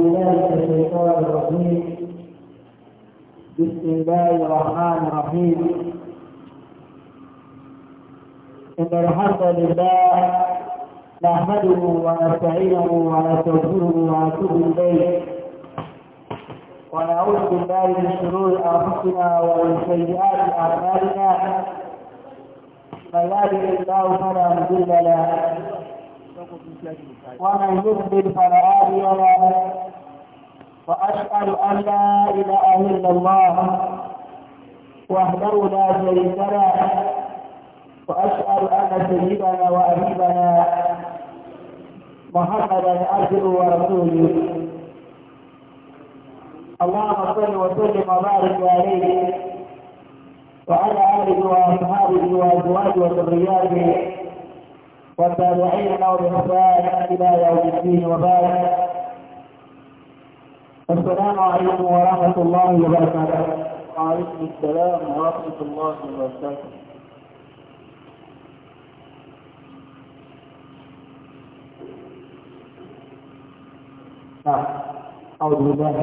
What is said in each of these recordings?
بالله الشيطان الرجيم بسم الله الرحمن الرحيم إن الحمد لله نحمده ونستعينه ونستغفره ونتوب إليه ونعوذ بالله من شرور أنفسنا ومن سيئات أعمالنا من يهده الله فلا مضل له ومن يضلل فلا هادي له وأشهد أن لا إله إلا الله وحده لا شريك له وأشهد أن سيدنا وأبينا محمدا عبده ورسوله اللهم صل وسلم وبارك عليه وعلى آله وأصحابه وأزواجه وذرياته والتابعين له بإحسان إلى يوم الدين وبارك السلام عليكم ورحمة الله وبركاته وعليكم السلام ورحمة الله وبركاته أعوذ بالله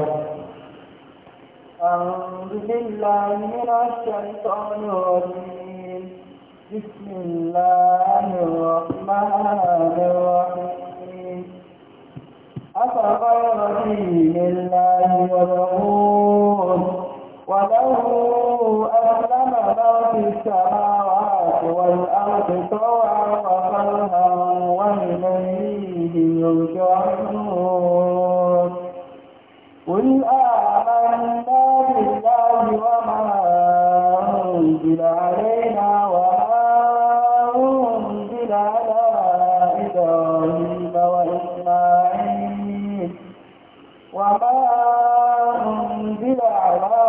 أعوذ بالله من الشيطان الرجيم بسم الله الرحمن الرحيم أفغير دين الله يبغون وله أسلم ما في السماوات والأرض طوعا وكرها وإليه يرجعون قل آمنا بالله وما أنزل علينا وما أنزل على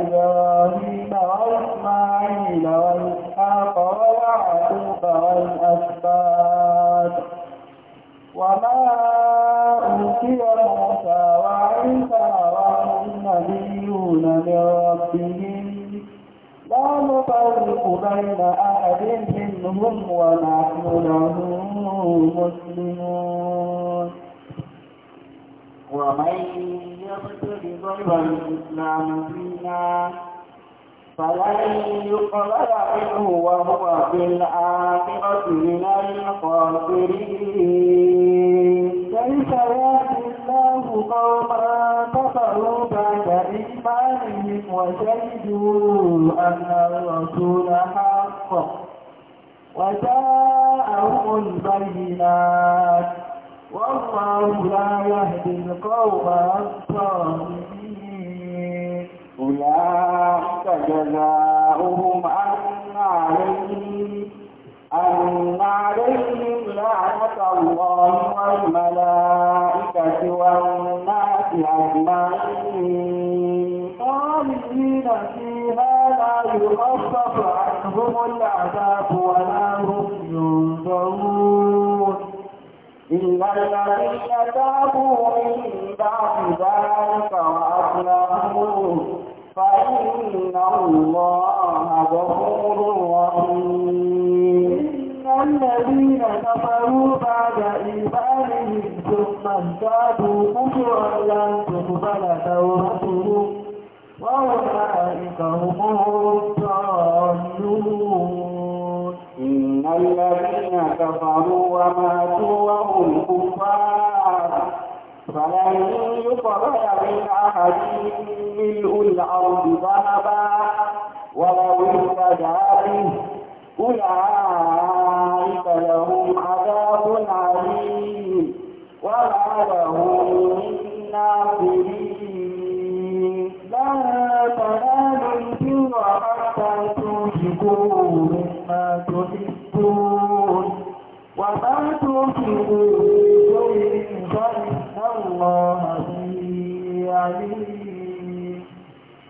إبراهيم وإسماعيل وإسحاق ويعقوب والأسباط وما أوتي موسى وعيسى والنبيون من ربهم لا نفرق بين أحد منهم ونحن له مسلمون ومن يقتل ضربا الإسلام فينا فلن يقبل منه وهو في الآخرة من الخاسرين كيف يهدي الله قوما كفروا بعد إيمانهم وشهدوا أن الرسول حق وجاءهم البينات والله لا يهدي القوم الظالمين أولئك جزاؤهم أن عليهم أن عليهم لعنة الله والملائكة والناس أجمعين خالدين فيها لا يخفف عنهم العذاب ولا إلا الذين تابوا من بعد ذلك وأصلحوا فإن الله غفور رحيم إن الذين كفروا بعد إيمانهم ثم ازدادوا كفرا لن تقبل توبتهم وأولئك هم الضالون الذين كفروا وماتوا وهم كفار فلن يقبل من أحد ملء الأرض ذهبا ولو افتدى به أولئك لهم عذاب عليم وما لهم من ناصرين لن تنالوا البر حتى تنفقوا مما تحبون تبدون وما تنفقوا شيء فإن الله به عليم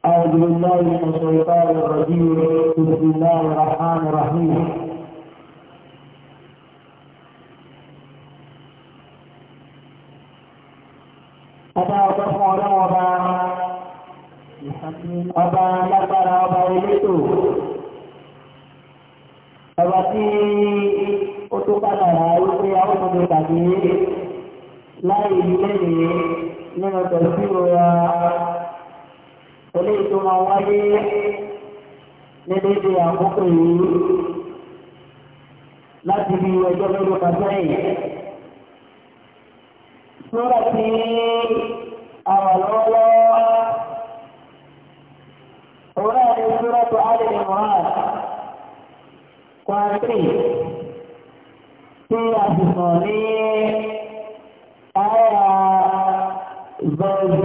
أعوذ بالله من الشيطان الرجيم بسم الله الرحمن الرحيم Ọba ọba fún ọlọ́wọ́ ọba, ọba lágbára ọba elétò, tí ó tó padà rà wípé àwọn ọmọdé tàbí láì lẹ́yìn nínú tẹ̀síwò wa eléyìí tó máa wáyé ní dédé àkókò yìí láti bí ọjọ́ mélòó kan sẹ́yìn. tí a lọ́wọ́lọ́wọ́, òun ni Súrọ́tù Adé Mùhàmmad pàtì tí a ti sọ ní ara zọlù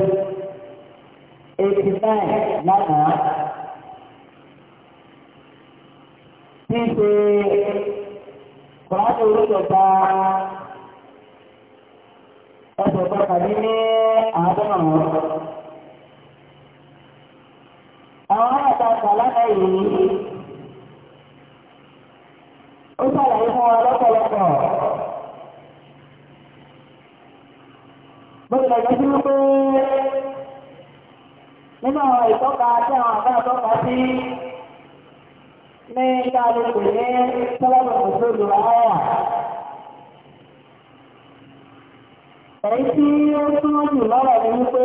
eighty nine lánàá tí ṣe kọ́ńtà oríṣiríṣi ọ̀sẹ̀ pàtàkì ní àádọ́rùn-ún. àwọn àtàkà lánàá yìí ó sàlàyé fún wa lọ́pọ̀lọpọ̀ bọ́ọ̀lù ẹ̀jẹ̀ sí wípé nínú àwọn ìtọ́ka tí àwọn àbá àtọ́ka sí ní ìdálókò ní tọ́lọ́bù òṣèlú àárà èyí tí ó túnmọ̀ jù lọ́rọ̀ ni wípé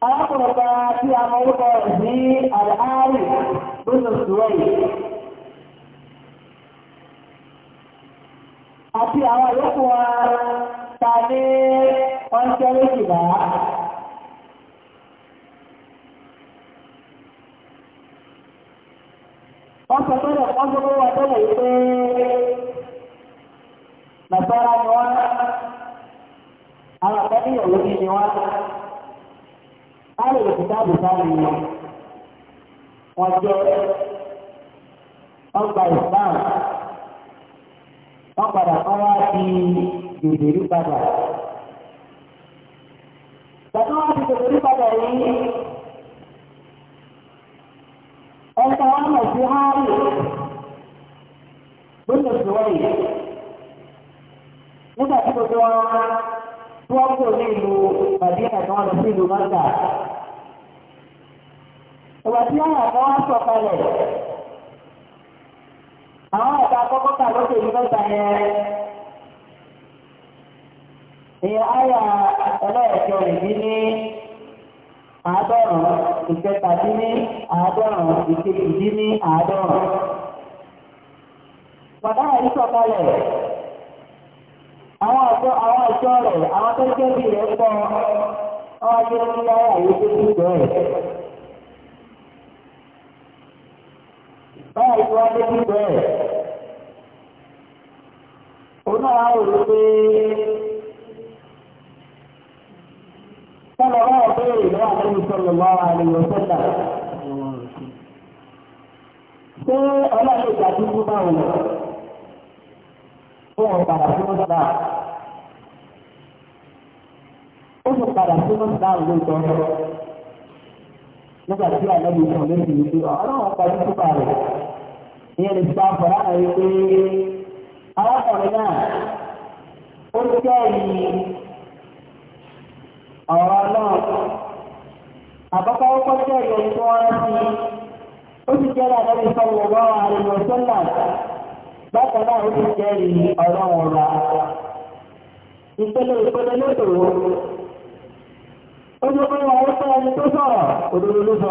arákùnrin kan tí a mọ orúkọ ní àdáhárì lóṣù sùwẹ́yì àti àwọn ìyókù wa ta ní ọjọ́ méjìlá wọ́n sọ pé wọ́n sọ pé wọ́n tẹ́lẹ̀ yìí pé nàìjíríà ni wọ́n àwọn àkọ́bí ìyàwó ni wọ́n Ààrẹ ìkìtàbù sáàrì wọn jẹ́ ọgbà ìsìlám. Wọ́n padà kọ́ wá di gbèdérí padà. Bàtà wá di gbèdérí padà yìí. Ẹ̀ka wọn mọ̀ sí Háàrì. Gbọ́dọ̀ sí Nígbà tí gbogbo wọn ní ìlú Ìgbà tí àwọn ọ̀pọ̀ wá sọ kalẹ̀, àwọn ọ̀pọ̀ akọ́kọ́ kà lókè ní ẹrẹ Ìyẹn àyà ẹlẹ́ẹ̀kẹ́ ìdí ní àádọ́rùn-ún, ìkẹta dín ní àádọ́rùn-ún, ìkejì ní àádọ́rùn-ún. yìí sọ àwọn àwọn ọ̀ṣọ́ rẹ̀, àwọn tó bí rẹ̀ pọ̀, báyìí tó wáyé bí bẹ́ẹ̀ òun náà wáyé rò pé sọ́lọ́ wáyé bẹ́ẹ̀ ìlú àtẹ́lú sọ́lọ́ lọ́wọ́ àlèyàn sẹ́ta pé ọlọ́run ìgbà tí kú máa wù fún ọ̀rọ̀ padà sí mọ́sálà ó sì padà nígbà tí àlẹ́ mi sàn lóṣù yìí pé ọlọ́run parí sípà rẹ̀ ìyẹn lè gba ọ̀pọ̀lá náà wípé arákùnrin náà ó jẹ́ ìyí ọ̀rọ̀ náà àkọ́kọ́ ó kọ́ jẹ́ ìyẹn tí wọ́n rántí ó sì jẹ́ ìyàtọ̀ ìfọwọ́ lọ́wọ́ àrùn ọ̀sọ́là bákan náà ó sì jẹ́ ìyí ọ̀rọ̀ ọ̀rọ̀ ìpele ìpele lóṣòwò ó ní pé wọn ó fẹ́ tó sọ̀rọ̀ òdodo ló sọ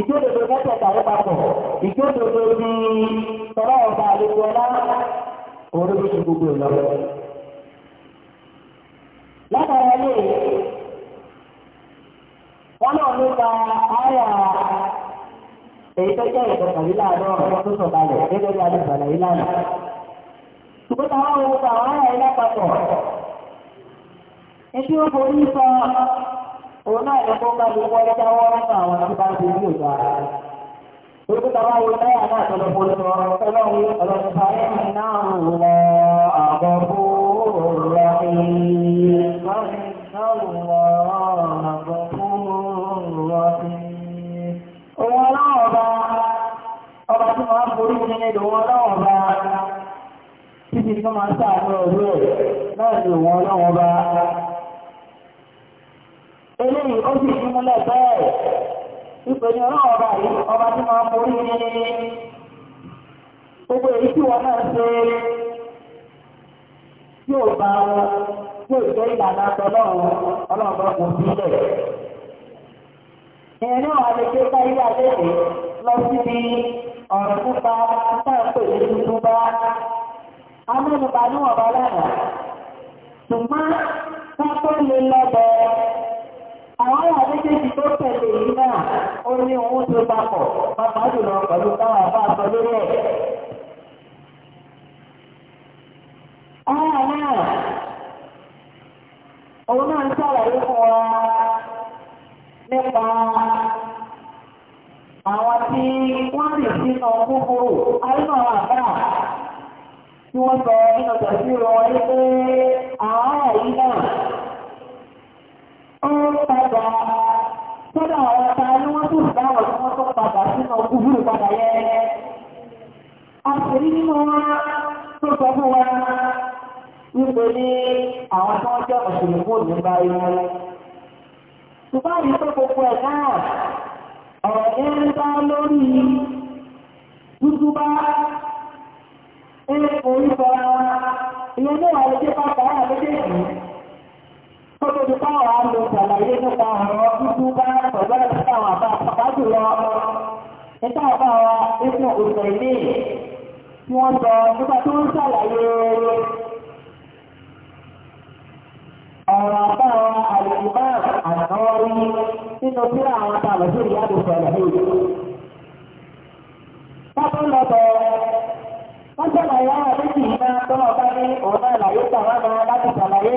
ìjódodo mẹ́tẹ̀ tàbí papọ̀ ìjódodo ní tọ́lá ọ̀gá àlejò ọlá òun ló ṣe gbogbo ìlọ. látara ilé wọn náà ló gba àyà èyí tó jẹ́ ìkọkànléláàádọ́rùn-ún tó sọ̀kalẹ̀ gẹ́gẹ́ bí alẹ́ ìbàlẹ̀ yìí lánàá. ṣùgbọ́n táwọn òun ọba tí wọ́n á forí ní ẹ̀dọ̀ wọn ọlọ́wọ̀ bá títí ní kọ́ sáà ní ọ̀rọ̀ náà ni òun ọlọ́wọ̀ bá eléyìí ó sì fi múlẹ̀ bẹ́ẹ̀ ìpèní ọlọ́run ọba yìí ọba tí máa ń borí ní gbogbo èyí tí wọn náà ṣe tí ò bá wọn tí ò jẹ́ ìlànà tọ́lọ́run ọlọ́run bá kò sílẹ̀. ìyẹn náà wà lè gbé káyé àlejò lọ síbi àwọn àwọn méjèèjì tó tẹ̀lé yìí náà ó ní ohun tó papọ̀ pàpà jùlọ pẹ̀lú táwọn àbá sọ lórí ẹ̀. Àwọn náà òun àwọn tí wọ́n rìn sínú kúkúrú àìmọ̀ wáyé pé àwọn àyíká ó pa padà sọ́dọ̀ àwọn ọ̀tá ni wọ́n tún dáwọ̀ tí wọ́n tó padà sínú kúbúrú padà yẹ. A sì rí nínú wọn tó sọ fún wa wípé ní àwọn tó ń jẹ́ òṣèlú kó ní bá yẹ. Ṣùgbọ́n kó tó di fáwọn àlò tọ́lọ̀ bá ní òun náà tàwọn náà láti ṣàlàyé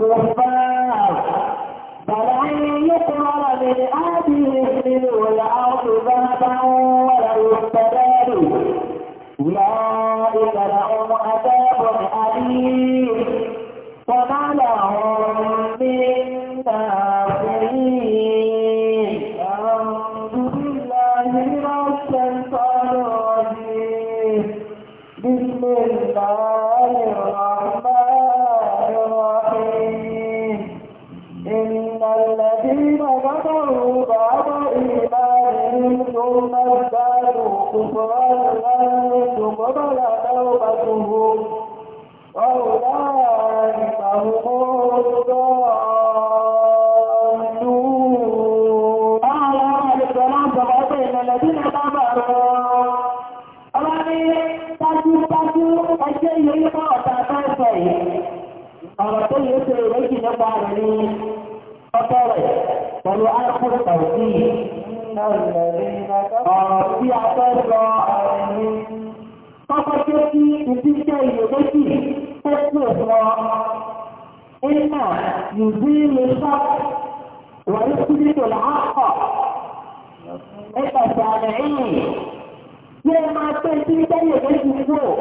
الكفار فلن يقبل من أهل pẹ̀lú ọ̀rọ̀ tí a fẹ́ lọ kọ́kọ́ tó kí ibi tó kú lọ ìmọ̀ ìdí ilé sọ́ wọ̀nyí sí kúrò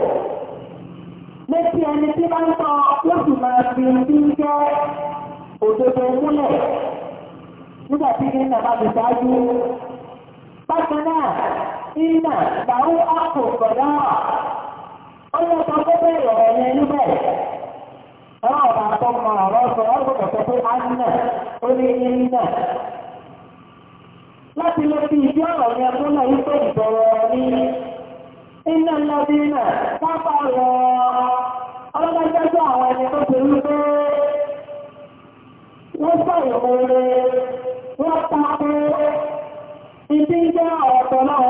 létí ẹni tí bá ń máa fi nígbà tí kí nínà bá ti ṣáájú. Bákan náà, nínà ìgbàwó àpò kọ̀dá ó yẹ kó tó bẹ̀rẹ̀ ọ̀rọ̀ yẹn níbẹ̀. Ẹ̀rọ ọ̀bà tó mọ ọ̀rọ̀ sọ ọ́gbọ̀n sọ pé a nínà ó ní ní nínà. Láti lè fi ìdí ọ̀rọ̀ yẹn múlẹ̀ wípé ìbọ̀rọ̀ ní iná lọ́dínà pápá rọ̀ ọlọ́dájọ́jọ́ àwọn ẹni tó ti rí wọ́n sọ̀rọ̀ oore wọ́n tako ibi jẹ́ ọ̀tọ̀ náà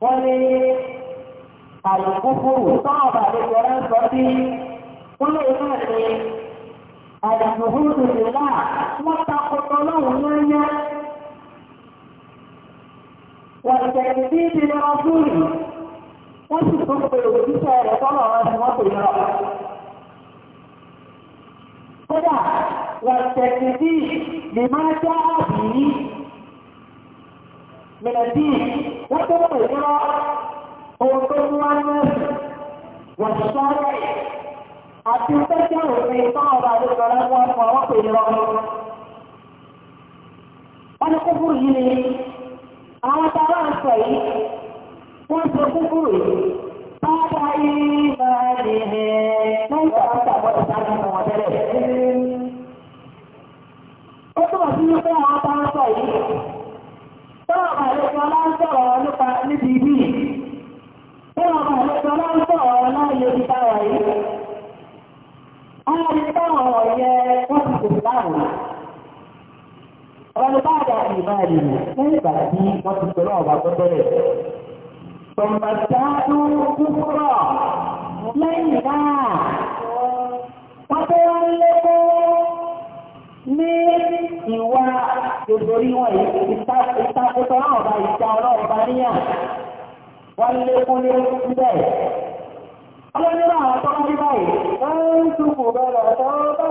Wọ́n ní àlùkúkúrù sọ́ọ̀bà lè jọra ń sọ sí wọ́n lè náà ní àdàmùhúrù ìlà wọ́n takọ̀tọ̀ lọ́wọ́ lóyẹ́ والتنفيذ لرسوله وفي كتب الوجيسة لطلع رسمات الله كذا والتنفيذ لما جاء به من الدين وكتب الإراء وكتب الناس والشرع àti tẹ́jọ́ òfin táwọn ọba àdúgbò lẹ́wọ́n fún àwọn pèlú ọmọ wọn ni kó fún yìí àwọn tàbá ń yìí wọ́n sọ kúkúrú bàbá yìí máa lè rẹ̀ lẹ́yìn àwọn tàbọ̀tà sáájú fún wọn ó túnmọ̀ sí wípé àwọn tàbá ń yìí tọ́wọ́ àlejò ọlá nípa níbi ibi tọ́wọ́ ọ̀rọ̀ bá dà ìmáàlì lẹ́yìn ìgbà tí wọ́n ti pẹ̀lú ọ̀gá tó bẹ̀rẹ̀. kúkúrọ̀ lẹ́yìn náà wọ́n tó ní ìwà ìborí wọn ìtakùtọ̀ ọ̀gá ìta ọlọ́ọ̀gá níyà wọ́n lékó ní síbẹ̀. Ọlọ́nira àwọn tọ́lá rí wọ́n ń túnkù bẹ̀rẹ̀ tọ́ bá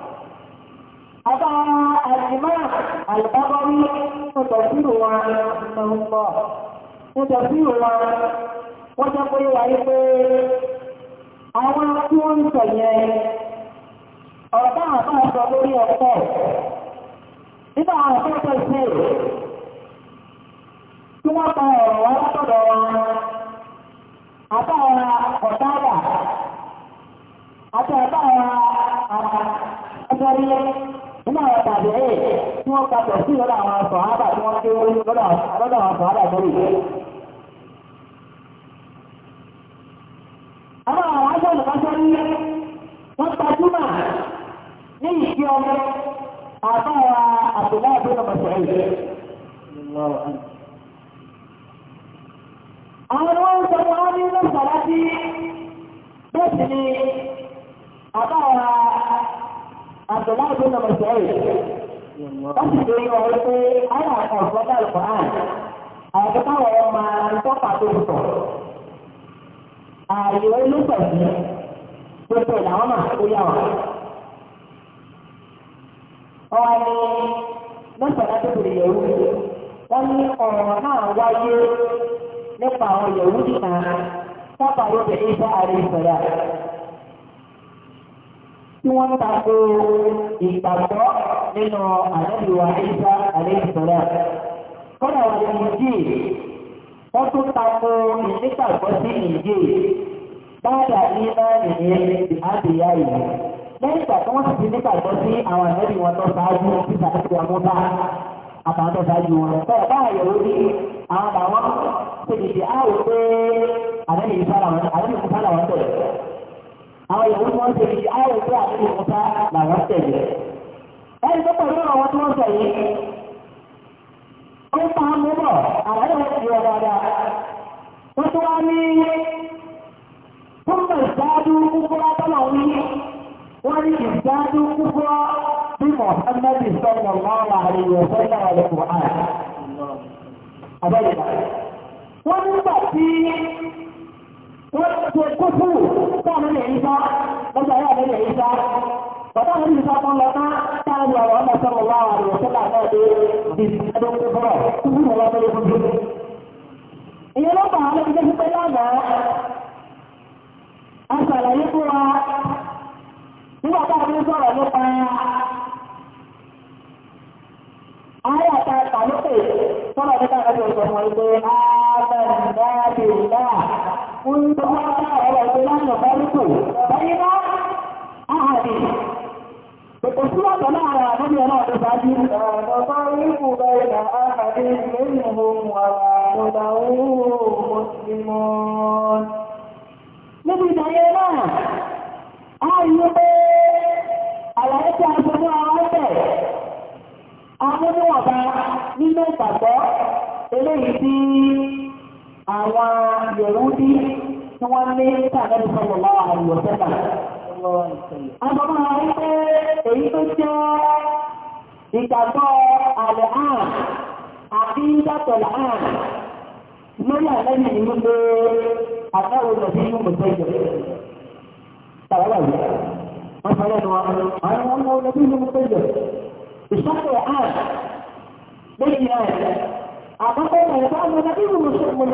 Àbá àjìmọ́ àlùbábọ́rí tó tọ̀síwò wa ọmọ wọ́n pé wà ní pé àwọn tí wọ́n ń sọ yẹn àbá sọ lórí ọ̀pọ̀ nígbà àwọn akẹ́kọ̀ọ́ sí tí wọ́n pa ọ̀rọ̀ wá látọ̀dọ̀ wa àbá ọ̀tádà ọjọ́ nínú àwọn tàbí ẹ̀ tí wọ́n papọ̀ sí lọ́dọ̀ àwọn sọ̀hábà tí wọ́n kéwọ́ lọ́dọ̀ àwọn sọ̀hábà tó lè. àwọn àwọn aṣọ ìkọ́sọ́ ní wọ́n gbajúmọ̀ ní ìṣe ọmọ àbára àbúlá ìbúlọ̀ mọ̀sẹ̀ yìí. àwọn wọn ń sọ wọn ní lọ́sọ̀rọ̀ sí bẹ́ẹ̀ sì ni àbára Abdullahi bin Mas'ud wọ́n sì fi yọ ọ́ pé àwọn ọ̀sán bá lọ́kọ̀ náà àwọn tó táwọn ọmọ tọ́pà tó ń sọ tí wọ́n tako ìgbàgbọ́ nínú àlẹ́lùwà ìsá àlẹ́sọ̀rọ̀. Kọ́nà ọ̀dọ̀ ìjì wọ́n tún tako ìnígbàgbọ́ sí ìjì báyà ní mẹ́rin ní àdìyá ìlú. Lẹ́yìn ìgbà tí wọ́n sì ti nígbàgbọ́ sí àwọn àlẹ́bí wọn tó ṣáájú títà àti àwọn bá àtàwọn tó ṣáájú wọn. Bẹ́ẹ̀ bá àyẹ̀wò ní àwọn àwọn tó dìde áwò pé àlẹ́bí ìsá làwọn tẹ̀lé àwọn ìyàwó tí wọ́n ń tẹ̀lé ayọ̀ tó àti ìkọta làwọn tẹ̀lé. ẹni tó pẹ̀lú àwọn tí wọ́n tẹ̀lé ó pa á mú bọ̀ àlàyé wọn ti yọ dáadáa. wọ́n tún wá ní kúndà ìsáájú kúkúrá tọ́lá wí wọ́n ní ìsáájú kúkúrá wọ́n nígbà tí wọ́n àwọn ìlú sáfọ́ lọ ná táwọn ọ̀rọ̀ ọmọ sọ́mọ wá àwọn ọ̀rọ̀ sọ́lá náà dé di ẹgbẹ́ tó bọ̀rọ̀ kúrú ìrọ̀lọ́ tó lókun jù. ìyẹn ló bàá lọ sí pé lánàá a ṣàlàyé fún wa nígbà وإن الله على الإمام يفارقه بين أحد بالأسوة لا على نبي الله تفاجئ نفارق بين أحد منهم وما مسلمون níbi ìdáyé náà a yíó pé àlàyé tí a sọ ní ọwọ́ ọ́tẹ̀ amúníwọ̀nba nínú ìpàgbọ́ eléyìí tí àwọn Yẹ̀húdí tí wọ́n ní tàbí sọ̀rọ̀ láwọn àyọ̀ sẹ́ta. Àbọ̀mọ́ àwọn pé èyí tó jẹ́ ìgbàgbọ́ àlẹ́ àrùn àti ìdàtọ̀lẹ̀ àrùn lórí àlẹ́yìn ní wípé àtàwọn ọ̀dọ̀ sí yóò mọ̀ sẹ́yìn. Tàbí àwọn wọ́n sọ lẹ́nu wọn, àwọn lórí àrùn àkọ́kọ́ ìgbà ìgbà mọ̀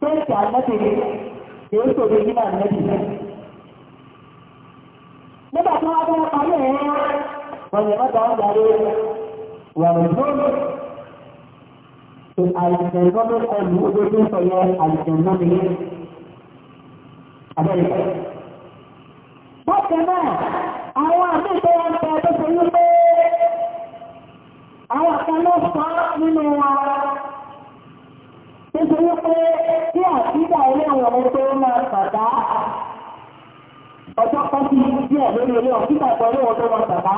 sai ta annabi ne da yake nígbà tí wọ́n bá parí ẹ̀rọ wọ́n yẹ mọ́ta wọ́n darí wọ́n rẹ̀ lórí tó àìsàn lọ́nà ẹ̀lú ojú tó sọ àìsàn lọ́nà yẹn abẹ́rẹ́ bákan náà àwọn àmì tó wọn ta tó ṣe yí pé àwọn kan fà nínú wa tó ṣe yí pé kí àtìgbà ilé àwọn ọmọ tó máa bàbá ọjọ́ kan sí díẹ̀ lórí ilé ọ̀hún títà pọ̀ ilé wọn tó máa bàbá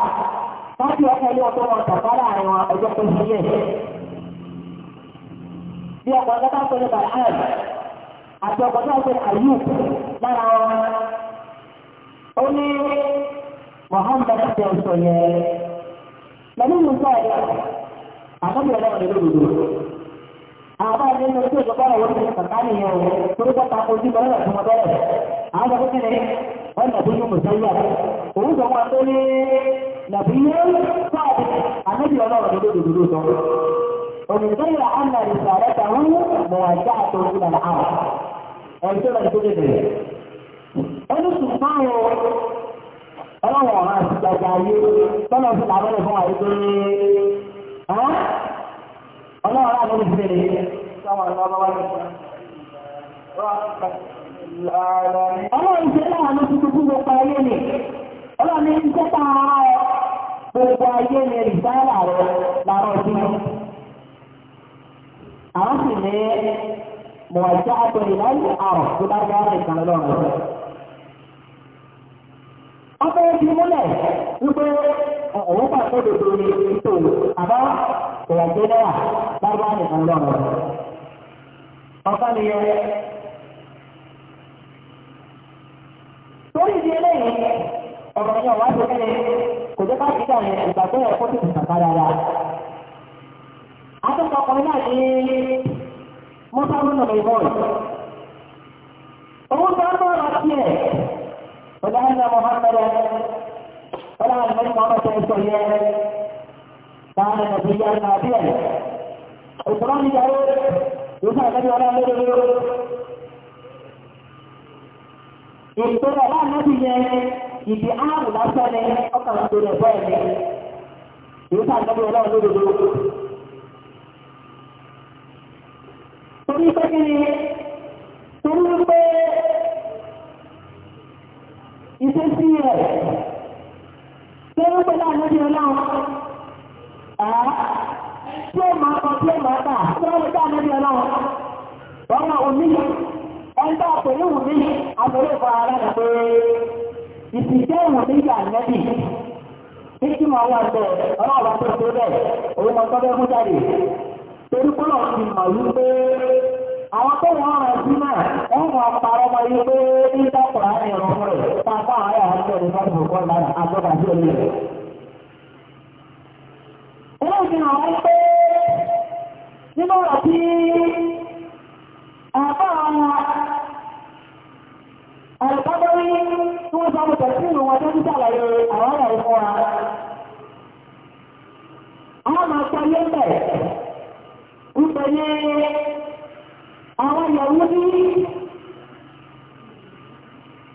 láti ọkọ̀ ilé wọn tó máa bàbá láàrin wọn ọjọ́ kan sí díẹ̀. bí ọkọ̀ ọjọ́ pẹ̀lú bàbáyì àti ọkọ̀ Muhammad ṣe ń sọ yẹn pẹ̀lú ìlú sọ̀rọ̀ àkọ́bí àwọn ọlọ́run lódòdòdò àti gbàgbà ayé tọ́lọ̀ fún àwọn ẹ̀fọ́ àìsàn ọlọ́run aláàbò bèèrè sáwọn ọlọ́run wá ní ọlọ́run ṣe láàánú tuntun fún gbogbo ayé ni ọlọ́run ní iṣẹ́ tá a rọ gbogbo ayé ni ìsáàlà rẹ lárọ sí àwọn sì ní mọ̀ọ́jà àtọ̀ ìlànà àrùn tó bá dára ìkànnì lọ́rùn Afẹ́rẹ́ ti múlẹ̀ wípé ọ̀wọ́ pàṣẹ dòdò ní ètò àbá ìrìnàjò náà lágbá nìkan lọ́rọ̀. Ọ̀pá ni yẹ. Torí ìdí eléyìí, ọ̀rọ̀ yẹn wá sí kẹ́lẹ́ kò jẹ́ káàkiri náà yẹn ìgbà tó yẹ kó ti tìtàn ká Akẹ́kọ̀ọ́ ọkùnrin náà ní Mọ́sálú Nàìjíríà. Owó tó ń bọ̀ wá ẹ̀. ولأن محمدا ولا النبي محمد صلى كان نبيا نبيا القرآن يقول يسأل النبي ولا النبي ìgbéra láàrín yẹn ìdí àrùn lásán ni ọkàn tó lè bọ́ ẹ̀mí èyí tá àgbẹ̀bí ọlọ́run lódodo. torí pé kí ni torí pé ìṣesí rẹ̀ tó ń pẹ́ láàrin ní ọlọ́run àá tí ó máa kọ tí ó máa bà tí ó máa dáa ní ọlọ́run wọ́n máa omi ẹni tó àpèrè wù mí àpèrè fún ara rẹ̀ pé ìsìnkẹ́ wù mí yà nẹ́bì títí máa wà bẹ́ẹ̀ ọlọ́run tó tó bẹ́ẹ̀ òun máa tọ́ bẹ́ẹ̀ mú jáde torí kọ́lọ̀ ti mà wípé àwọn tó wọ́n rẹ̀ sí náà wọ́n mọ̀ àpàrọ̀ ọmọ yìí pé ní dákùnrà ní ìrọ̀rùn rẹ̀ pápá àárẹ̀ àti ẹ̀rọ ìfọ́dùbò kọ́ lára àgbọ́dà sí orí rẹ̀. Wọ́n fi hàn wọ́n pé nínú ọ̀rọ̀ tí àbá àwọn àlùkábọ́rí tí wọ́n sọ mọ̀tẹ̀ sí ìrùn tó ń sàlàyé àwọn ọ̀rọ̀ ìfọ́ wa. Àwọn máa sọ yé bẹ̀ àwọn ìyàwó ní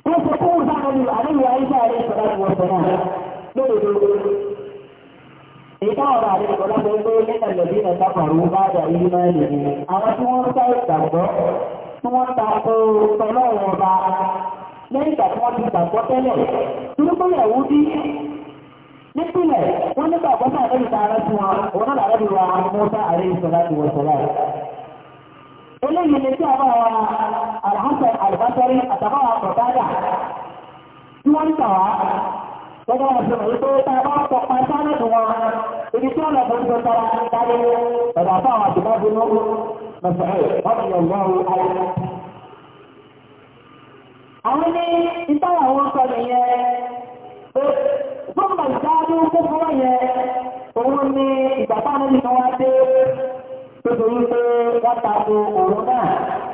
wọ́n sọ fún ìbáraẹni àríwá ìṣẹ́ àrẹ ìṣẹ́láti wọ́n sọ náà lóòrò ìta ọ̀rọ̀ àrẹ ìṣọ́láti wọ́n sọ nípa ìlẹ̀bí náà sáfàrú bá dà ìlú náà lè ní àwọn tí wọ́n sá ìgbàgbọ́ tí wọ́n ta ko tọ́lọ́ ọba lẹ́yìn ìgbà tí wọ́n ti gbàgbọ́ tẹ́lẹ̀ turúkọ́ ìyàwó bí nípìnlẹ̀ wọ́n nígbàgbọ́ sáà lẹ́yìn eléyìí ni tí a bá wa alhassan albasari àtàbá wa kọ̀tádà tí wọ́n ń tà wá gbogbo wọn sọ̀rọ̀ wípé tá a bá kọ̀ pa sáré tó wọn ibi tí ọ̀nà fún tó tara dáre ẹ̀rọ àbá wa ti bá bí lọ́wọ́ mẹsàn-án wọ́n ti yọ̀ àwọn ní ìtara àwọn sọ nìyẹn gbọ́dọ̀ ìdájú kókó wọ̀nyẹn òun ní ìgbà táwọn ènìyàn wá dé nítorí pé wọ́n ta ko òun náà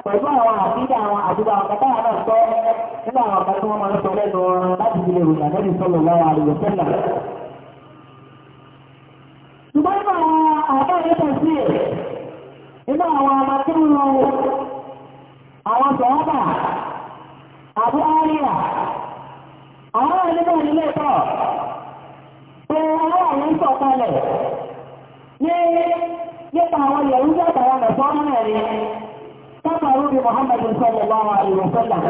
pẹ̀lú àwọn àfihàn àwọn àdúgbò àwọn kẹta àwọn sọ nínú àwọn ọ̀gá tí wọ́n máa ń sọ lẹ́nu láti fi lè ròyìn àgbẹ̀bí sọ̀rọ̀ lọ́wọ́ àrùn sẹ́lẹ̀. ṣùgbọ́n nínú àwọn àbá ìrẹ́pọ̀ sí ẹ̀ nínú àwọn ọmọ tí ń lo àwọn sọ̀rọ̀bà àbú áríà nípa àwọn yẹ̀rú látara lọ̀tọ́ náà rí látàrí bí Muhammadu sallallahu alaihi wa sallam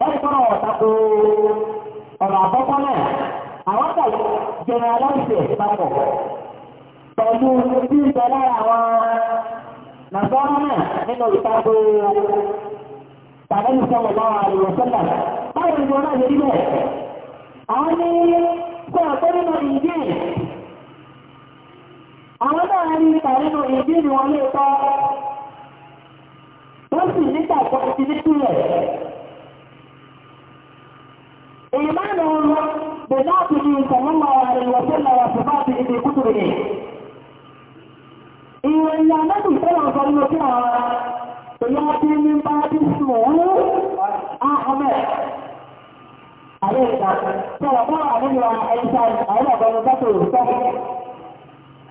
wọ́n kọ́ ọ̀rọ̀ tako ọ̀rọ̀ àkọ́kọ́ náà àwọn kọ̀ jẹ̀rọ aláìsẹ̀ papọ̀ pẹ̀lú bí ìjọ lára àwọn nàgbọ́n náà nínú ìtako tàbí sallallahu alaihi àwọn náà rí ìta ìdí ni wọ́n lè wọ́n sì níta ìkọ́ ti ní túlẹ̀ èyí máa lọ rọ bẹ̀rẹ̀ àti ní ìtànlọ́mọ ààrẹ ìwọ̀sẹ̀ lọ́wọ́ fún bá ti ìdè kútù rẹ̀ ìwọ̀n ìyá mẹ́bù na sọ ní ojú àwọn èyí á ti ní bá ahmed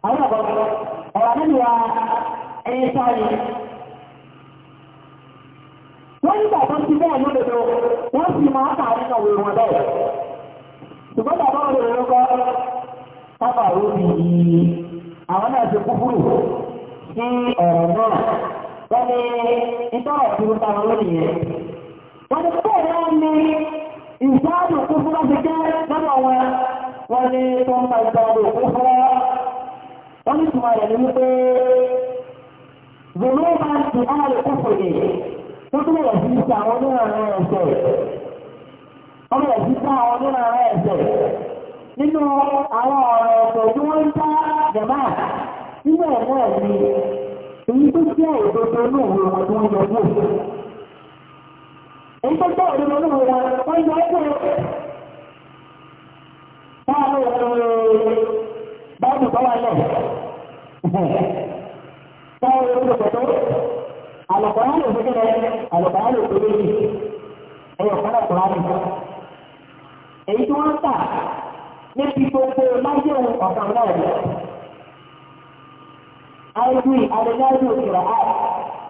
àwọn ọ̀pọ̀ ọ̀rọ̀ nínú wa ẹyẹ sáré wọ́n nígbà tó ti bẹ́ẹ̀ lódodo wọ́n sì máa kà nínú òwe wọn bẹ́ẹ̀ ṣùgbọ́n bàbá wọn lè lọ́kọ́ pápá òbí àwọn náà ti kúkúrú sí ọ̀rọ̀ náà wọ́n ní ìtọ́rọ̀ tí ó tara lónìí yẹn wọ́n ní pẹ́ náà ní ìsáàdù kúkúrú láti jẹ́ lọ́dọ̀ wọn wọ́n ní tó ń ta ìtọ́rọ̀ kúkúrú wọ́n ní ìtumọ̀ rẹ̀ ní pé gbogbo máa ń ti ààrẹ kókò lè wọ́n tún bẹ̀rẹ̀ sí ti àwọn onírànà ẹ̀sẹ̀ wọ́n bẹ̀rẹ̀ sí ti àwọn onírànà ẹ̀sẹ̀ nínú àwọn ọ̀rọ̀ ẹ̀sẹ̀ tí wọ́n ń dá jẹ̀má nínú ẹ̀ náà ni èyí tó jẹ́ òdodo ní òwe wọn tí bó èyí tó jẹ́ òdodo ní òwe wọn wọ́n bó ìsìláàmù tọ́wà lẹ̀ tọ́wọ́ orí òkòtò àlùkọ́rá lè fi kéde àlùkọ́rá lè fi léyìí ẹ̀yọ̀ kọ́lá kọ́lá lè fi. èyí tí wọ́n ń tà níbi gbogbo láyé òun ọ̀kan náà rẹ̀. àìsí àdégájú òkèrè àì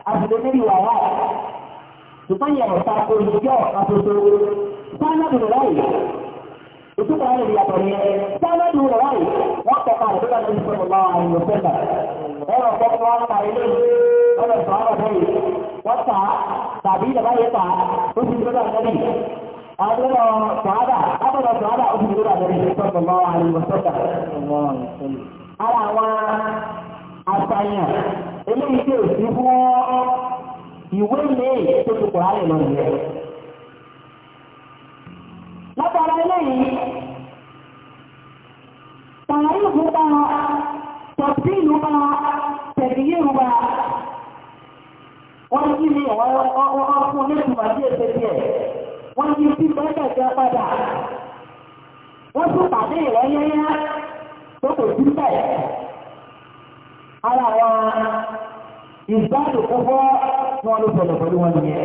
àbùdókèrè wà wà ṣùgbọ́n ìtumọ̀ ẹni ìyàtọ̀ ni sáyẹ́dù rẹ̀ wáyé wọ́n tọ́ka rẹ̀ lọ́dọ̀ ní ìfẹ́ lọ́wọ́ àrùn òṣèlú ẹ̀rọ kọ́kọ́ wọn ta ilé ọ̀rọ̀ sọ̀rọ̀ bẹ́ẹ̀ wọ́n ta tàbí ìjọba yẹn ta ó ti lọ́dọ̀ àgbẹ̀bí àgbẹ̀rọ̀ sọ̀hádà àgbẹ̀rọ̀ sọ̀hádà ó ti lọ́dọ̀ àgbẹ̀bí ìfẹ́ lọ́wọ́ àrùn òṣèlú ara àwọn àṣàyàn eléyìí tí ò sí fún látara eléyìí tààrà ìlú bá tọ̀tí ìlú bá tẹ̀lé ìlú bá wọ́n kí ni ọ̀pọ̀ mẹ́tùmá sí ètò ẹ̀ wọ́n kí sí bẹ́ẹ̀kẹ̀kẹ́ padà wọ́n tún pàdé ìrẹ́yẹ́yẹ́ tó kò sí bẹ́ẹ̀ ara wọn ìgbádùn púpọ̀ wọn ló pẹ̀lẹ̀ pẹ̀lú wọn nìyẹn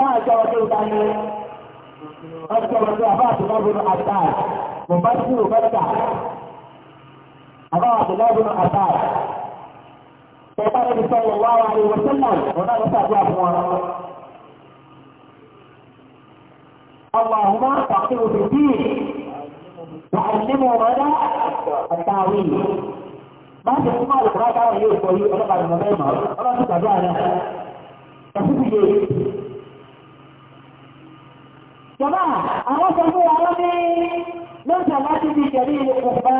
táàjọ ọdún ìdáni ọjọ́ ọdún àbáàtúmọ́bùn àtàà mọ̀bátí òbẹ́ta àbáàtúmọ́bùn àtàà ẹ̀bá rẹ̀ sọ wọ́n wá ní wọ́sánmọ̀n ọ̀nà ìsàdí àfihàn اللهم فقه في الدين وعلمه ماذا التعويل ما تسمع القرآن يقول أنا بعد ما أنا أنا تتابعنا تفوت Jọba, àwọn sọ fún wa wọ́n ní lọ́jà láti fi jẹ̀rí ilé ọ̀pá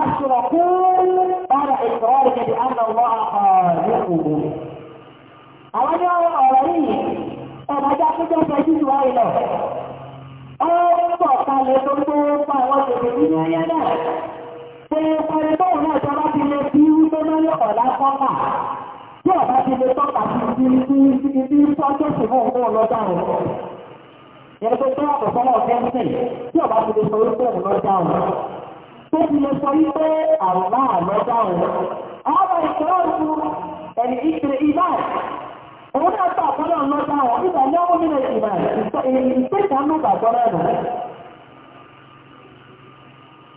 aṣọ́rọ̀ kú bára ìṣòro ìjẹ̀dì àmàwọ̀ àkọ̀ọ̀lẹ́kùnkù. Àwọn ní ọ̀rọ̀ ọ̀rọ̀ yìí, ọ̀bàjá tó jẹ́ fẹ́ sí ìwà ìlọ̀. Ó pọ̀ kalẹ̀ tó tó pa àwọn tètè nínú ẹyẹ náà. Ṣé ọ̀rẹ́ bọ́ọ̀ náà jọba ti lè fi wípé lọ́yọ̀ ọ̀lá sọ́kà? Tí ọ̀bá ti lè tọ́ka sí ibi tí ń Yẹn tó tó yàtọ̀ sọ́mọ́ ọ̀tẹ́ńtì tí ọba ti lè sọ wípé òun lọ dáhùn. Tó ti lè sọ wípé àrùn náà lọ dáhùn. Àwọn ìṣòro ìlú ẹ̀yìn ìṣe ìbá Òun náà tó àkọ́lé ọ̀nà dáhùn nígbà ní ọmọ nínú ìgbà ìṣèkà ń gbà gbọ́dọ̀ rẹ̀.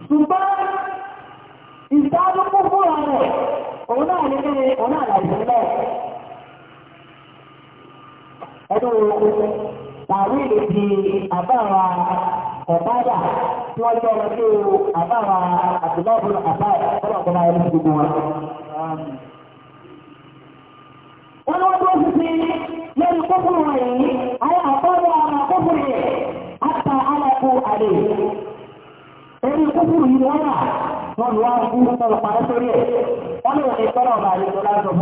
Ṣùgbọ́n ìdádúkú fúnra rẹ̀ òun náà ní kíni òun náà làwọn èdè àbára ọ̀bádà tí wọ́n jẹ́ ọmọ tó àbára àtìlọ́bù àbáyà ẹni gbogbo wọn. wọ́n lọ́wọ́ tó ti lórí kókòrò wọ̀nyí àwọn àkọ́wé àwọn kókòrò yẹn àtà alákó àlè. Èyí kókòrò yìí wọ́n wà wọ́n lọ́wọ́ sórí ẹ̀ wọ́n lè wọ́n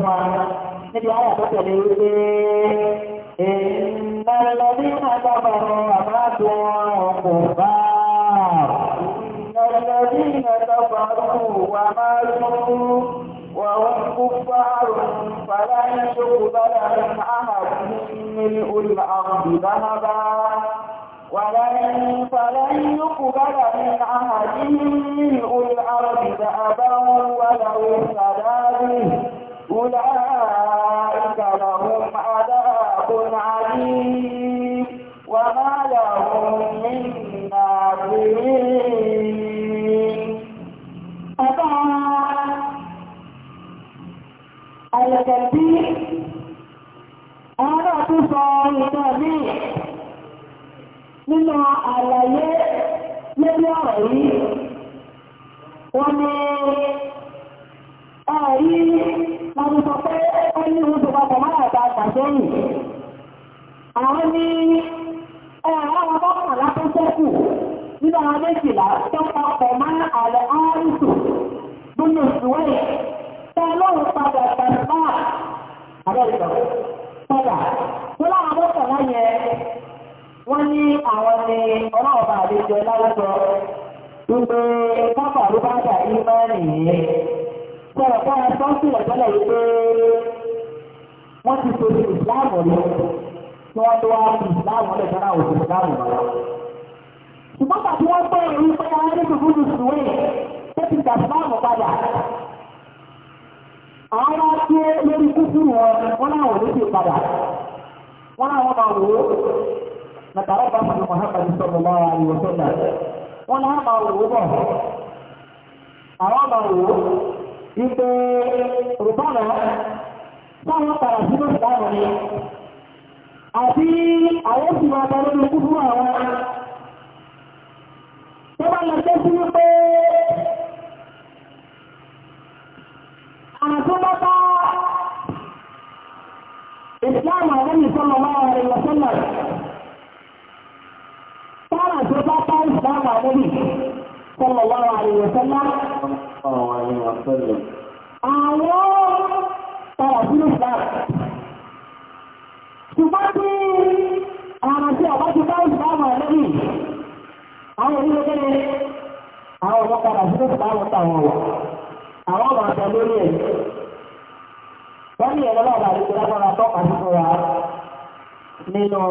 ní níbi àyà tó tẹ̀lé wípé ìnà lọ́dí àtọ́bọ̀rọ̀ àbájọ kò bá ìnà lọ́dí àtọ́bọ̀rọ̀ wà máa rú وهم كفار فلا يقبل من أحد ملء الأرض ذهبا ولن فلن يقبل من أحدهم ملء الأرض ذهبا ولو سدى به أولئك الظالمين أبا الذي أنا تصالحني مما علي لدي ومن أي من تطيع أن يهدف ما يتعطى شيء أعني أعلم أن لا تنسكوا nínú àwọn méjìlá tọ́pọ̀ máa àlẹ́ àárùsù nínú ìwé tẹ́ lọ́rùn padà pẹ̀lú àbẹ́rẹ́ padà tó láwọn mọ́kànlá yẹn wọ́n ní àwọn ni ọlọ́ọ̀bà àlejò láwùjọ gbogbo pápá ló bá dà ní mẹ́rin yìí sọ̀rọ̀ pọ́nra sọ́ọ̀sì ọ̀tọ́lẹ̀ yìí pé wọ́n ti torí ìsìláàmù lọ tí wọ́n tó wá ìsìláàmù lẹ̀ tọ́ra òṣèlú ìsìláàmù ṣùgbọ́n pàtí wọ́n gbọ́ èyí pé àwọn onígbùgbù ìṣúwé tó ti gbà padà àwọn bá tí lórí kúkúrú wọn wọn láwọn ló ṣe padà wọn láwọn máa wò ó nàtàrà fún Muhammad sọ̀rọ̀ lọ́wọ́ àríwọ̀ sọ́nà wọn láwọn máa wò bọ̀ àwọn máa wò ó ipe rùbọ́nà tó bá lọ jẹ́ sí wípé àtúbọ́tá ìsìláàmù àwọn ìsọ́nà máa rẹ̀ lọ́sọ́nà tọ́nà tó bá bá ìsìláàmù àwọn ìsọ́nà máa rẹ̀ lọ́sọ́nà àwọn tọ́nà sí ìsìláàmù àwọn onílé kẹ́lẹ́ àwọn ọmọ padà sí kòkòrò àwọn táwọn wà àwọn ọmọ àtọ lórí ẹ̀ wọ́n ní ẹ̀rọ náà bàbá ìgbéra kan àtọ́ àtúntò wa nínú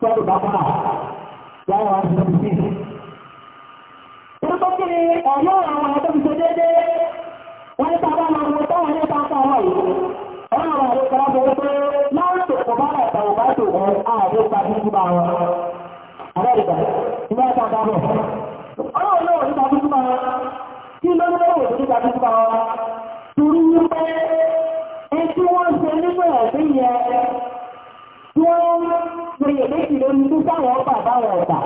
sọ́ọ̀dù bàbá yàrá wa ti fi sí. Orúkọ kí ni ọ̀yọ́ àwọn ọ̀dọ́ fi ṣe déédéé wọ́n ní sábà máa ń wọ táwọn ní àtàwọn bá tò wọn ààrẹ tàbí túbà wọn alẹ́rìgbà ìgbà àtàkà bọ̀ ọlọ́run náà ní tàbí túbà wọn kí ló ń lọ́wọ́ ní tàbí túbà wọn torí wípé ẹtí wọ́n ṣe nígbà ẹ̀sìn yẹn tí wọ́n gbèrè méjì lórí tó sáwọn ọgbà báwọn ọgbà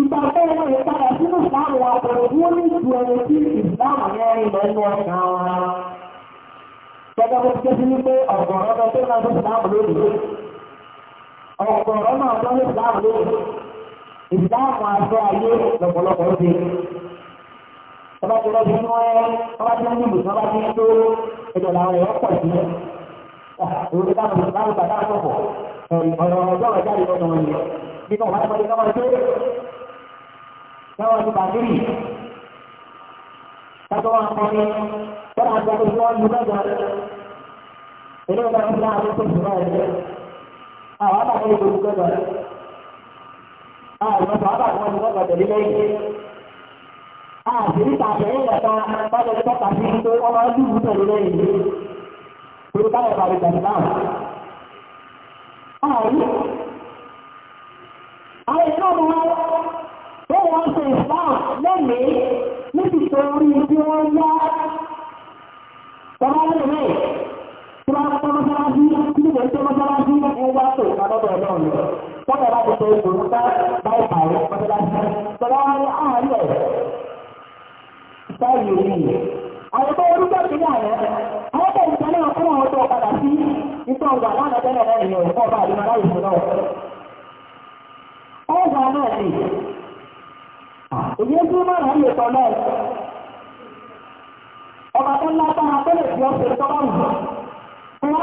ìgbà bẹ́ẹ̀ náà ìpadà sínú ìsìláàmù wa pẹ̀lú bí ó ń lọ ní ọ̀gá wa ọ̀pọ̀ ọmọ ọ̀dọ́ ní ìdáàmù lónìí ìdáàmù àjọ ayé lọ́pọ̀lọpọ̀ ó dé ọba tó lọ́dún ní wọ́n ọba tí wọ́n ní ìbùsùn ọba tí ń tó ẹ̀jọ̀ làwọn èèyàn pọ̀ sí òun ti dáàmù láwọn bàtà àtọ̀pọ̀ ọ̀rọ̀ ọjọ́ ọjà ìbọn ọmọ yìí nípa wàá pọ̀ lọ́wọ́ tó lọ́wọ́ ti bàgírì tọ́jọ́ wọn kọ́ ní tọ́lá àjọ tó wọ́n ní àwọn àbàkọ́ ní gbogbo gbọ́dọ̀ rẹ̀ àwọn àbàkọ́ àbàkọ́ gbọ́dọ̀ tẹ̀lé lẹ́yìn àbíríkà àtẹ̀yìn ẹ̀ka bájọ́ tó tọ́ka sí pé ọmọ ọdún ìlú tẹ̀lé lẹ́yìn pé báyọ̀ bàbí gbàgbé náà. Ààrí àwọn ìlú ọmọ wọn tó wọ́n ṣe ìfáà lẹ́mìí níbi tó rí bí wọ́n yá tọ́lá lẹ́mìí ìgbẹ́ tó mọ́sánlá sí ẹ̀kọ́ wá tó ìpàdọ́dọ̀ náà lọ. Tọ́kọ̀ bá ti sọ ètò ń bá báyìí pàrọ̀ mọ́sánlá sí. Tọ́lá ní àárẹ̀ báyìí rí. Àwọn tó orúkọ sí ní àárẹ̀, àwọn tó ìta náà fún àwọn tó padà sí ìtọ́ ọgbà láàrín tẹ́lẹ̀ náà ìyẹn ẹ̀kọ́ bá àdúrà láì fún náà. Ọgbà náà ni, èyí tí ó máa ráyè tọ́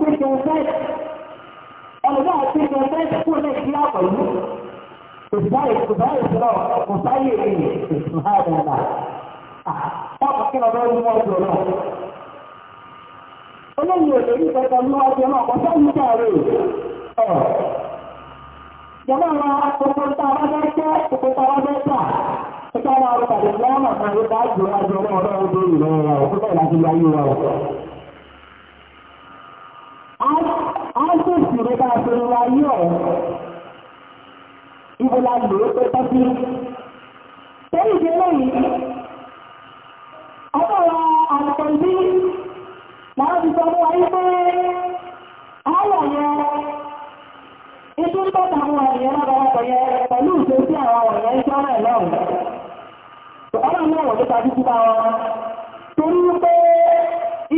pé ṣe fẹ́ ẹlòmíà tí ṣe fẹ́ kó lè fi àpẹ̀lú ìbáyé ìbáyé ìṣòro kò sáyé èyí ìṣòro àdàdà táàpù kí ọ̀rọ̀ ìlú ọjọ́ náà olóyìn òṣè ní ìfẹ́fẹ́ ní ọjọ́ náà kọjá ìjà rẹ̀ ẹ̀ jọba àwọn akókò tá a bá fẹ́ tẹ́ kókò tá a bá fẹ́ tà ẹjọ́ àwọn arúgbàdì lọ́wọ́ àwọn àjọ àjọ ọlọ́run lórí ìrọ̀rùn ọ̀rọ̀ òkúta ìlàjì ayé wa ọ̀rọ̀ ájòsì rẹ̀ bá ṣẹlẹ̀ wá yí ọ̀rọ̀ ibo la lò ó pẹ́ tọ́sí lẹ́yìn ìdí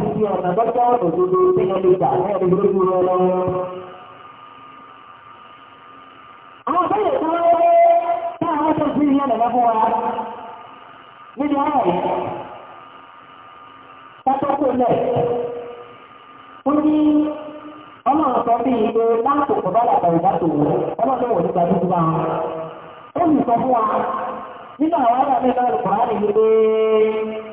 ti fi ọ̀nà bọ́tọ̀ òdodo tí wọ́n lè gbà ní ẹni tó lọ́wọ́. Àwọn ọ̀bẹ̀rẹ̀ tó wọ́n wọ́n tí àwọn tó fi ìyá lọ́wọ́ fún wa níbi ọ̀rọ̀ yìí. Pátákó lẹ̀, ó ní ọmọ ọ̀sán bí ìgbé láàpò bá làtà ìdátò ọlọ́dún wò nípa títí wọn. Ó sì sọ fún wa nínú àwọn ará mẹ́ta ìkùrá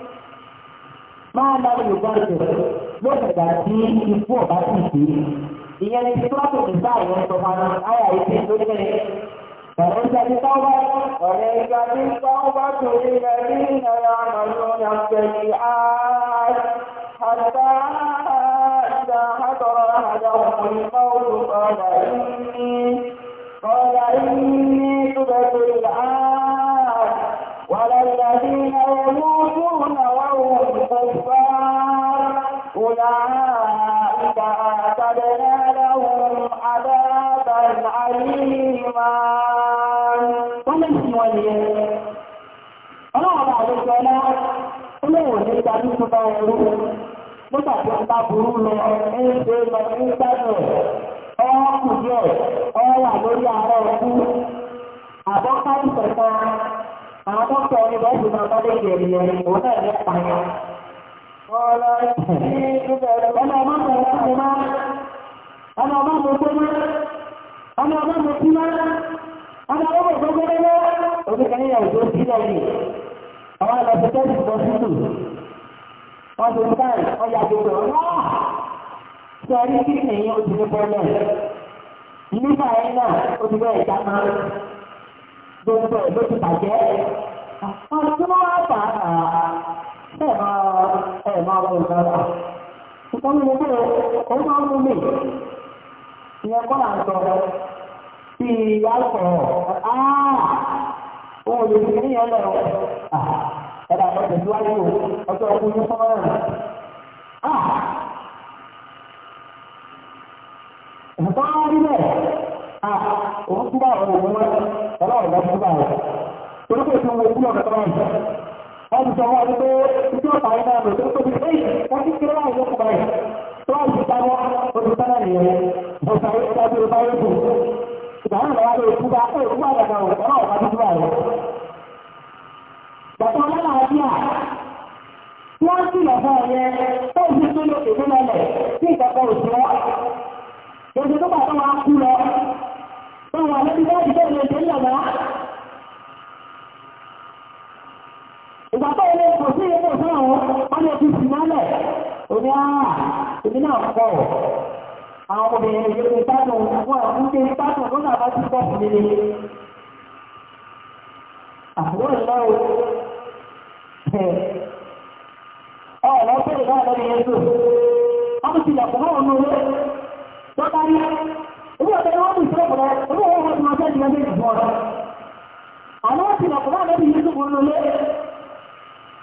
máa lábẹ́ yorùbá ìṣẹ̀lẹ̀ lọ́sọ̀gbà tí ikú ọ̀bá sì ṣe ìyẹn ni tíwájú nígbà yẹn sọ fún mi àyà ìṣe tó kẹ́rin. Ọ̀rẹ́ ìṣẹ́jú tó wá ọ̀rẹ́ ìṣẹ́jú tó wá torí rẹ̀ ní ìnáyà àmàlú ní àpẹẹrẹ ààrẹ àtà ìdá àtọ̀rọ̀ àjà òkùnrin mọ́ọ̀lù ọ̀rẹ́ ìní ọ̀rẹ́ ìní أولئك أعتدنا لهم عذابا أليما Ọlọ́run àdókọ́ náà, olóòwò ní ìdájú tó bá ẹrú, nígbà tí ó bá burú lọ, ń ṣe lọ ń tẹ́lẹ̀, ọwọ́ kù díẹ̀, ọwọ́ wà lórí ààrẹ ọkú, àbọ́ká ìṣẹ̀kan, àwọn tó sọ ní bẹ́ẹ̀ ọmọ ọmọ mọ̀ ọmọ mọ̀ ọmọ ọmọ mọ̀ gbọ́gbọ́ ọmọ ọmọ mọ̀ kú mọ́ ọmọ ọmọ mọ̀ gbọ́gbọ́ mọ́ obìnrin yà òjò sí lẹ́yìn àwọn alọ́sọ̀tẹ́ ìbọn sílù ọdún báyìí ọyà gbogbo ọ̀rọ̀ sọrí kí nìyẹn oṣù ní bọ́lẹ̀ nígbà yẹn náà oṣù bẹ́ẹ̀ ìjà máa gbogbo ẹ̀ ló ti bàjẹ́ ọ̀sùn wọn bàa bẹ́ẹ̀ máa ẹ̀má ọjọ́ ọkùnrin ní fọ́nrán. Ẹ̀fọ́ rí bẹ́ẹ̀. Òun túbà ọ̀rọ̀ òun wọn. Ọlọ́run lọ túbà ẹni tó bá ẹ̀ kú lọ fún ọ̀yẹ́ tó ń fi tó lò ìgbàtọ̀ ilé kò sí ilé ìfẹ́ àwọn ọmọ ti sì mọ́lẹ̀ òní àà ah, ìbí náà pọ̀ àwọn obìnrin ìgbé ní pátọ̀ wọn ń gbé pátọ̀ ló náà bá ti pọ̀ sí nílé àbúrò ìlọ́ o ọ̀ lọ́pẹ́ ìlọ́ ọ̀lọ́dún yẹn tó bá rí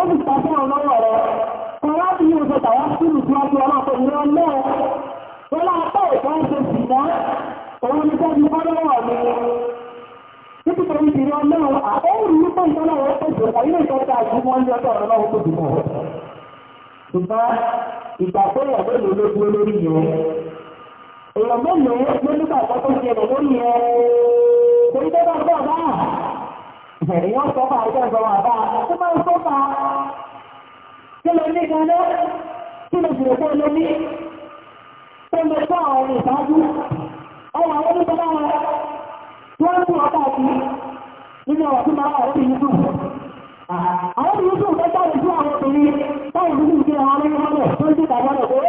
ó sì pàtó ọlọ́wọ́ rẹ̀ ọlá tí yóò ṣe tàwá sí ìlú ọjọ́ ọlọ́pọ̀ ìrẹ́ ọlọ́run wọ́n lápá ìfẹ́ ṣe sì mọ́ òun ni tẹ́jú ọlọ́wọ́ mi nítorí ìrẹ́ ọlọ́run àbẹ́rù ní pé ìtọ́lọ́wọ́ pèsè ọ̀yẹ́ ìtọ́ta àjúmọ́ ní ọjọ́ ọlọ́run tó dùn mọ́ ṣùgbọ́n ìgbà tó yẹ̀ lónìí ló dúró lórí yẹn èèyàn mélòó ló nígbà tó tó ṣe lórí èèyàn sọ́fà ìjọ ìjọba àbá tó máa ń sọ́fà kí lọ ní ganá kí lọ jùlọ tó lọ ní tó lọ fún àwọn ìsáájú ọwọ́ àwọn onígbọ́nà wọn wọ́n tún ọ̀tá àti nínú ọ̀rọ̀ tí máa wà lórí yusuf àwọn obìnrin yusuf tó jáde sí àwọn obìnrin táwọn ìlú ìgbé àwọn alẹ́gbẹ̀rẹ̀ tó ń dì tàbí ọ̀rọ̀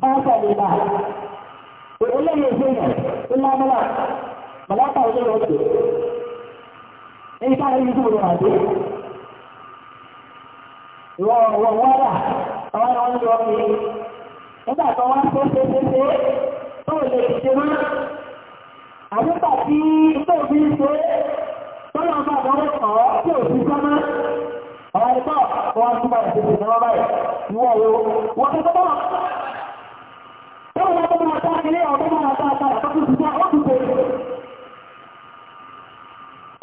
pé ọ̀sẹ̀ lè bà olóyè ìgbéyàn ńlá mọ́lá mọ̀lá ẹni ká lẹ́yìn ìdúró àdé ìwọ ọwọ wọdà àwọn ni wọn lọ fi nígbà tó wá tó ṣe ṣe ṣe tó lè ṣe mọ àdúgbà tí tó fi ń ṣe tó lọ bá àbọ̀wọ̀ kọ́ tí ò fi sọ́mọ́ àwọn ẹ̀kọ́ wọn tún bá ìṣe ṣe sọ́mọ́ báyìí ìwọ wo wọ́n ti tọ́tọ́ tó lọ bá tó máa tá ilé ọ̀gbọ́n máa tá àtàrà tó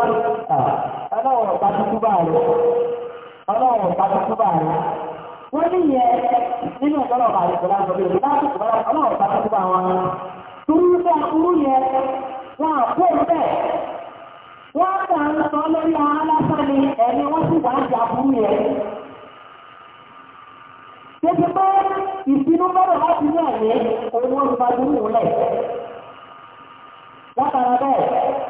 bá ọlọ́run bá tuntun bá rẹ̀ ọlọ́run bá tuntun bá rẹ̀ wọ́n ní yẹ nínú ọlọ́run bá tuntun bá rẹ̀ ọlọ́run bá tuntun bá wọn torí bá burú yẹ wọn àpò bẹ́ẹ̀ wọ́n kà ń sọ lórí alásán ni ẹ̀mí wọ́n sì wá ìjà burú yẹ Tẹ́tí pé ìsinú bọ́dọ̀ láti ní ẹ̀mí òun wọn ti bá burú lẹ̀. Látara bẹ́ẹ̀.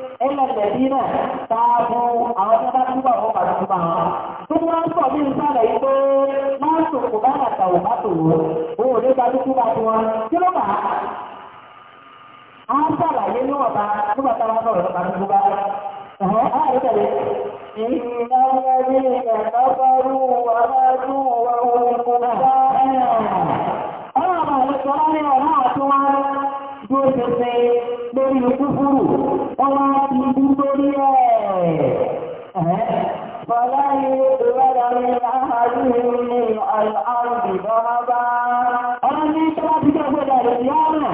ẹ̀lẹ́ ìgbẹ̀bí náà tààbù àwọn tó bá túbọ̀ ó bá túbọ̀ wọn. Tó máa ń sọ bí ìsàlẹ̀ yìí pé máa ń sòkò bá bàtà ò bá tòwó, ó ò lè gba dúkú bá tiwọn. Kí ló bá? A ń sàlàyé ní ọ̀bá tó bàtà wọn sọ̀rọ̀ bá. Ẹ̀hẹ́ lórí kúkúrú ọwọ́ ti kú lórí ẹ̀ Fọlá yóò rọ́lá ní àárín ní àrùn ìbọ̀nàbá. Ọmọ ní tọ́lá ti jẹ́ gbọ́dọ̀ rẹ̀ yọ́nà.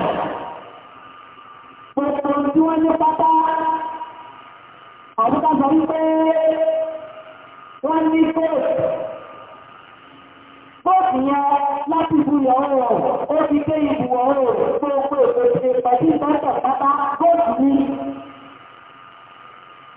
Gbogbo tí wọ́n ní pátá, àbúkà sọ wípé wọ́n yẹn láti bu ìyàwó rẹ̀ ó ti dé ìbù ọ̀rọ̀ tó pé òṣèré pàdé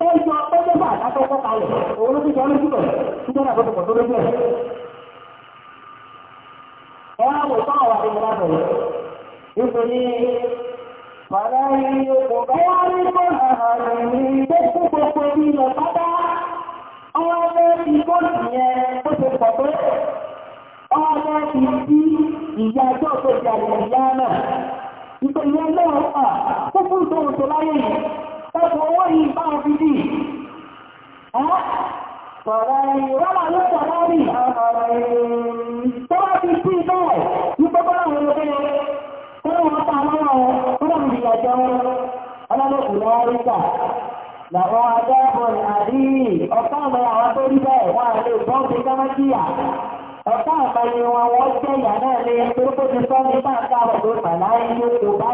tọ́jọ́ tó lójú ẹ̀ náà ìpènyẹ náà fà tó fún ìtòhùn tó láyé yìí tẹ́kùn owó yìí bá fi dì Ọ̀rọ̀ ìrọ́mà ló làwọn adẹ́bọ̀n àrí ọ̀pá àmọ́ àwọn tó rí bẹ́ẹ̀ wọ́n àlè ìbọn ti gámájíyà ọ̀pá àmọ́ wọn wọ́n jẹ́ ìyà náà ní torókó ti sọ́ ní bá ń ká ọ̀dọ́ màláyé kò bá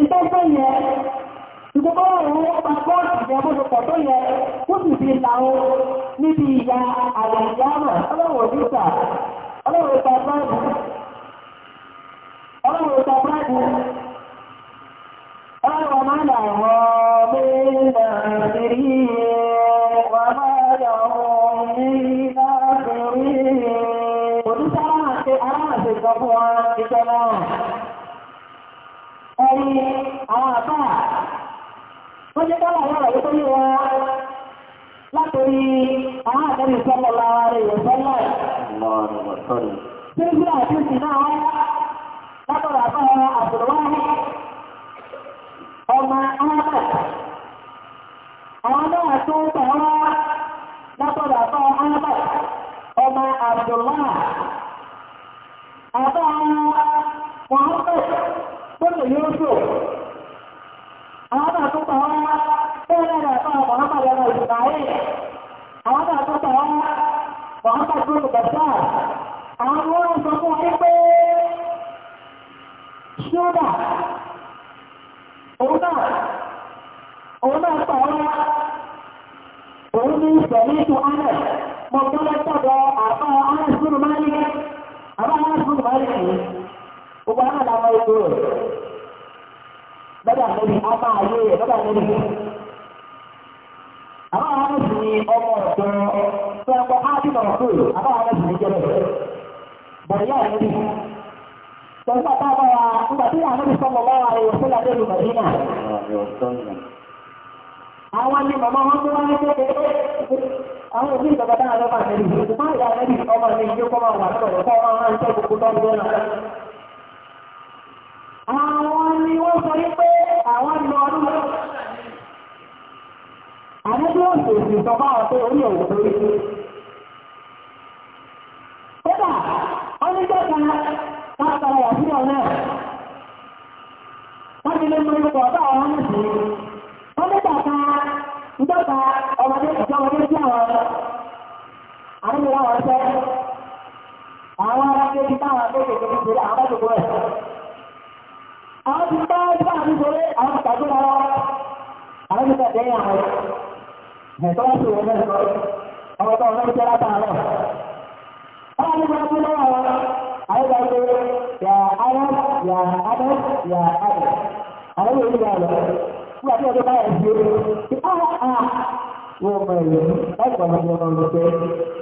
ìtọ́jọ́ yẹn ìgbogbo ọ̀rọ̀ ọba bọ́ọ̀sì yẹn bó ṣe pọ̀ tó yẹ ó sì fi làwọn níbi ìyá àwọn ìyá náà ọlọ́wọ̀ nígbà ọlọ́wọ̀ ìta báàbù ọlọ́wọ̀ ìta báàbù ọlọ́wọ̀ máa nà wọ́ bí nà rí wà máa yọ̀ ọ́ ní láti rí òdúsá aláàṣẹ aláàṣẹ sọ fún wa ìṣẹ́ náà ẹni àwọn àbáà wọ́n jẹ́ káwọn àwọn ọ̀rọ̀ tó wọn látòrí àwọn àtẹ́lẹ̀ sọ́lọ̀ lára rẹ̀ sọ́lọ̀ tí ó àti ìsìn náà wọ́n látọ̀rọ̀ àbáà àbùrùwárí ọmọ alábẹ̀ àwọn náà tó tọ̀wọ́ látọ̀rọ̀ àbáà alábẹ̀ ọmọ àbùrùwárí àbáà wọn tọ́nà yóò tó àwọn àtúntà wọn tẹ́lẹ̀ rẹ̀ fún ọmọ ọmọ ọmọ ìsìnkáyé àwọn àtúntà wọn wọ́n ń tàbí olùgbàtà àwọn wọ́n sọ fún wọn pé ṣúdà òun náà òun náà tọ̀ wọn òun ní ìṣẹ̀lẹ̀ ètò ánẹ̀ mọ̀ tọ́lẹ̀ tọ̀dọ̀ àbá ánẹ̀ sínú máa ní àbá ánẹ̀ sínú máa ní gbogbo àwọn àlàmọ́ ètò rẹ̀ lọ́dọ̀ àmọ́bí ayé rẹ̀ lọ́dọ̀ àwọn àwọn ọmọ ọmọ ọ̀dọ́ tó ẹ̀kọ́ ábínà ọ̀tọ̀ àwọn àwọn ọmọ ní jẹ́rẹ̀ bọ̀dọ̀yà ya tọ́lá bá bá wa nígbà tí àmọ́bí sọ́mọ́ bá wa rẹ̀ tó ládé lù màdínà. àwọn ni màmá wọn tó ní kékeré àwọn òbí ìjọba ìyá ọmọ mi ìjókòó máa wà àwọn ni wọ́n sọ wípé àwọn lọ ọdún lọ àwọn tí wọ́n sì sì sọ báwọn pé orí òun tó rí kódà ọdúnjọ́ kan wọ́n sọ wà sí ọ̀nà wọ́n ti lè mọ ipò ọ̀dọ́ àwọn nìsí wọ́n nígbà kan ìjọba ọmọdé ìjọmọdé sí àwọn àwọn àwọn ará ti bá àwọn akẹ́kọ̀ọ́ àwọn ti bá ìgbà àdúgbòrè àwọn tàbí ara àwọn ti tàbí àwọn ẹ̀tọ́ láti wọ́n mẹ́rin ọmọ tó wọ́n jẹ́ látà rẹ̀. Àwọn ọmọ tó lọ́wọ́ àwọn àwọn ọmọ yà àwọn yà àbọ̀ yà àbọ̀. Àwọn yóò yà lọ. Nígbà tí ọjọ́ bá yà sí orí, ti á á wọ́n mọ̀ ẹ̀yẹ́ ẹ̀kọ́ ọmọ ọmọ ọmọ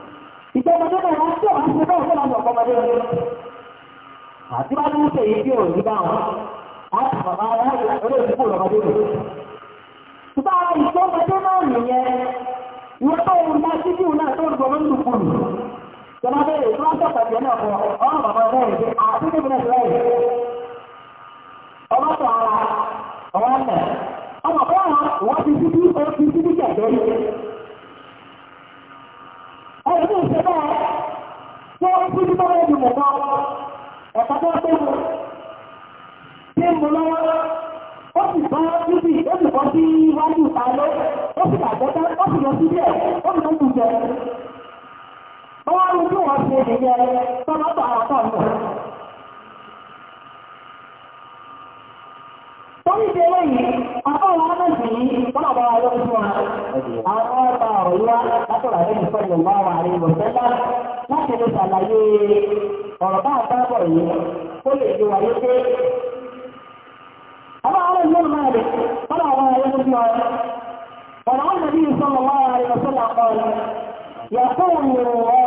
ìjọmọdé náà wọ́n àti bá tún ṣe èyí ò ní rẹ̀. náà nìyẹn ìwọ́n tó ń bá títí náà tó ìṣẹ́lẹ̀ tó ń kú ní bọ́ọ̀lù ìdìbò kan ẹ̀ka tó ń tó mú tí ń mú lọ́wọ́ ó sì bá níbi ó sì bọ́ sí iwájú ìpàlẹ́ ó sì bàjẹ́ yìí wá látọ̀rọ̀ àdéhùn pẹ̀lú ọ̀wá àrẹ ìwọ̀sẹ́lá láti lè ṣàlàyé ọ̀rọ̀ bá àbábọ̀ yìí kó lè gbé wáyé pé àwọn ará ìlú máa lè kọ́lá àwọn ará ìlú lọ ọ̀rọ̀ àwọn ìlú sọ̀rọ̀ ọ̀wá àrẹ ìwọ̀sẹ́lá kan yàtọ̀ òun rọ̀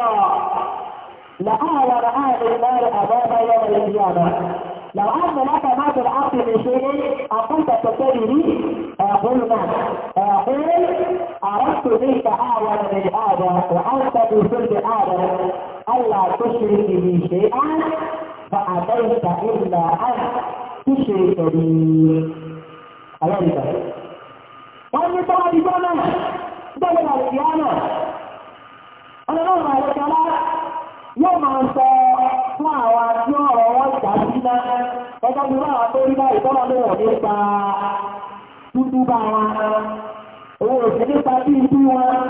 làárọ̀ àrẹ ìlú àbábá yọ̀ لو أن لك ما في الأرض من شيء لي أقول نعم أقول أردت بك أعلم من هذا وأنت بسلب آدم ألا تشرك لي شيئا فأتيت إلا أن تشرك لي أيضا وأن تعرف أنا دولة القيامة أنا نرى لك yóò máa ń sọ fún àwọn tí ọ̀rọ̀ wọn jà náà ọjọ́ bí wọ́n àwọn tó rí báyìí tọ́lọ́ ló wọ̀ nípa dúdú bá wọn owó òsì nípa bí ibi wọn.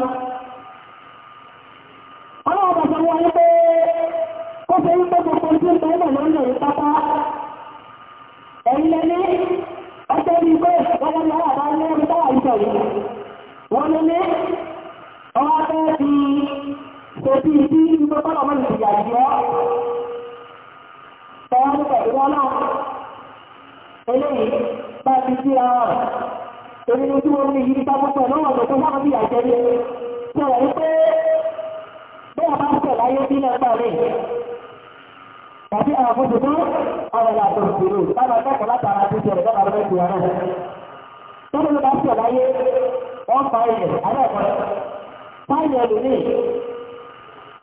ọlọ́run bàbá wọn ní pé ó ṣe ń pé gbogbo tí ń bẹ́ẹ̀ lọ lórí pápá ẹ̀yìn lẹ́ni ọjọ́ bí pé wọ́n lọ́wọ́ àbá Tòbí ibi ìgbẹ́ tọ́lọ mọ́ ìsìyà ìjọ́. Tọ́wọ́ ní pẹ̀lú ọlọ́. Eléyìí, bá ti sí ara rẹ̀. Èmi ni tí wọ́n ní yìí bá púpọ̀ lọ́wọ́ tó tó wọ́n bí àjẹ́ rí. Sọ̀rọ̀ wípé bí a bá ń tẹ̀lé ayé sí lẹ́pà rẹ̀. Tàbí àwọn afọ́sọ̀tọ́ àwọn ìlàjọ ìṣòro lára kẹ́kọ̀ọ́ látara ti sọ̀rọ̀ lọ́wọ́ rẹ̀ ti wà náà. Tọ́lọ́ ló bá tẹ̀lé ayé, wọ́n fa ilẹ̀ alẹ́ ẹ̀kọ́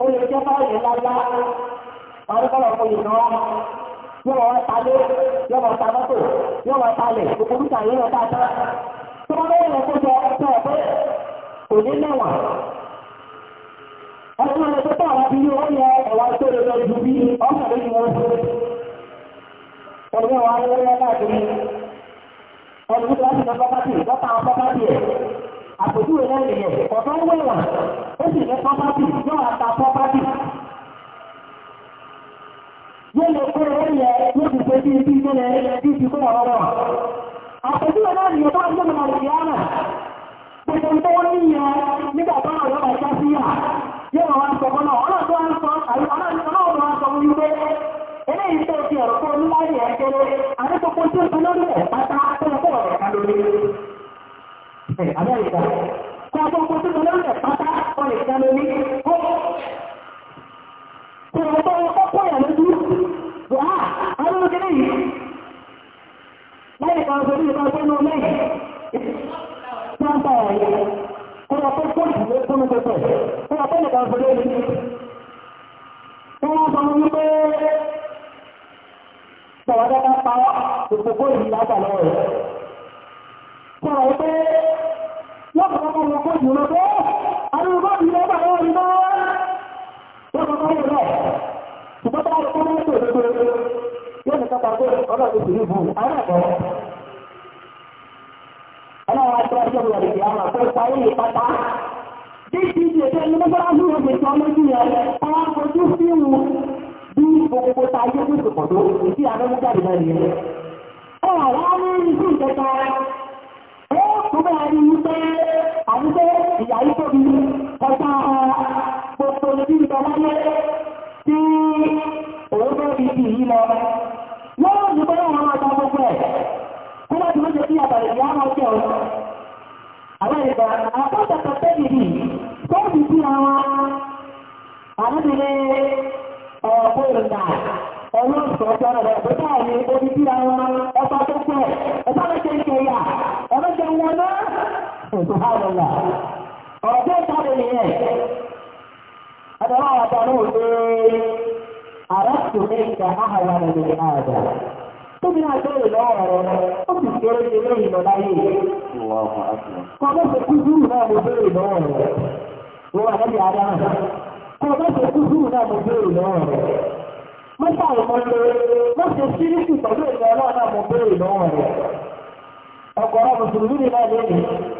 ó lè jẹ́ báyìí lágbá ọdún kọ́lọ̀ fún ìná yóò wọ́n ta lé yóò wọ́n tó wọ́n lóyún ẹ̀kọ́ jọ tó ọ̀ kò ní mẹ́wàá ọdún ọdún tó tọ̀ bí yóò yẹ ẹ̀wà tó lè lọ ju bí ọkọ̀ lórí wọn fún ọdún wa àpèjúwe náà lè yẹ ọ̀tọ́ ń wẹ̀wọ̀n ó sì ní pápátì yóò àta pápátì yóò lè kó lọ yẹ yóò ti ṣe bí ibi tó lẹ bí ibi kó lọ rọ àpèjúwe náà lè bá ń gbọ́dọ̀ lè yá náà gbogbo tó wọ́n ní yẹ nígbà tó náà yọba ìjá sí yà yóò wá sọ fún náà ọlọ́run tó wá ń sọ ọlọ́run tó wá sọ fún wípé eléyìí tó ti Amẹ́ríkà. Kọ́ gbogbo tó lọ lọ́rẹ̀ pátá wọn lè dá lórí. Kó o bá ọkọ̀ kọ́ yà lójú. Wà á, àwọn ọmọdé lẹ́yìn. Lẹ́yìn kan sórí ìkan tó nù lẹ́yìn. Pátá ọ̀yẹ́. Kọ́ ọkọ̀ kọ́ ìdílé tó nù pẹ̀pẹ̀. Kọ́ ọkọ̀ nìkan sórí ìlú. Wọ́n sọ wípé Tọ̀wọ́dá bá pa òpópó ìlú látà lọ́wọ́ rẹ̀ kọ̀rọ̀ tó wọ́n kọ̀rọ̀ kọ̀rọ̀ kọ́ ìmúlọ tó arúgbọ́ ìlú ọba ẹ̀wọ̀ ìmọ̀ wọ́n kọ̀rọ̀ kọ̀rọ̀ lọ ṣùgbọ́n tó kọ̀rọ̀ kọ̀rọ̀ tó tó yóò ní kápá pé ọlọ́ ti sì ní bu àwọn àkọ́ ọlọ́wọ́ àti ọjọ́ ìwà ìdí àwọn àkọ́ ìparí ìpátá Déjì ìdí ẹ̀jẹ̀ ní mọ́tọ́lá ní òṣèlú ọmọ ìlú yẹn, ọwọ́ àfojú fíìmù bí gbogbo ta yóò ní ìsopọ̀ tó, ìdí àwọn ọmọ jáde náà nìyẹn. Ọ̀rọ̀ àwọn ọmọ ìlú ìjẹta tó bẹ́ẹ̀ rí wípé àwípé ìyá yìí tóbi ọjà gbogbo ibi ìjọ láyé tí òun bẹ́ẹ̀ fi ti yìí lọ. Wọ́n ní bẹ́ẹ̀ wọn máa ta gbogbo ẹ̀ kó wá ti méje sí àbàlẹ̀ ìyá máa jẹ́ ọ̀rọ̀. Àwọn ìgbà àpọ̀jọ kan tẹ́lẹ̀ rí tóbi sí àwọn àmúdìrí ọ̀pọ̀ ìrìnà ọlọ́sọ̀ọ́sọ̀rọ̀ sí àwọn ìtùhálọ́lá ọ̀rọ̀ tó sáré nìyẹn ẹ̀dọ̀rọ̀ ọ̀dọ̀ náà pé àrẹ́sù ní ìgbà áhàwà rẹ̀ ààbà tó bí náà bẹ́ẹ̀ lọ́wọ́ rẹ̀ ó sì kéré ní ilé ìlọ láyé kọ́mọ́ sí kújúrù náà mo bẹ́ẹ̀ lọ́wọ́ rẹ̀ wọ́n wà lẹ́bí adáhà kọ́mọ́ sí kújúrù sírísì pẹ̀lú ìlọ́wọ́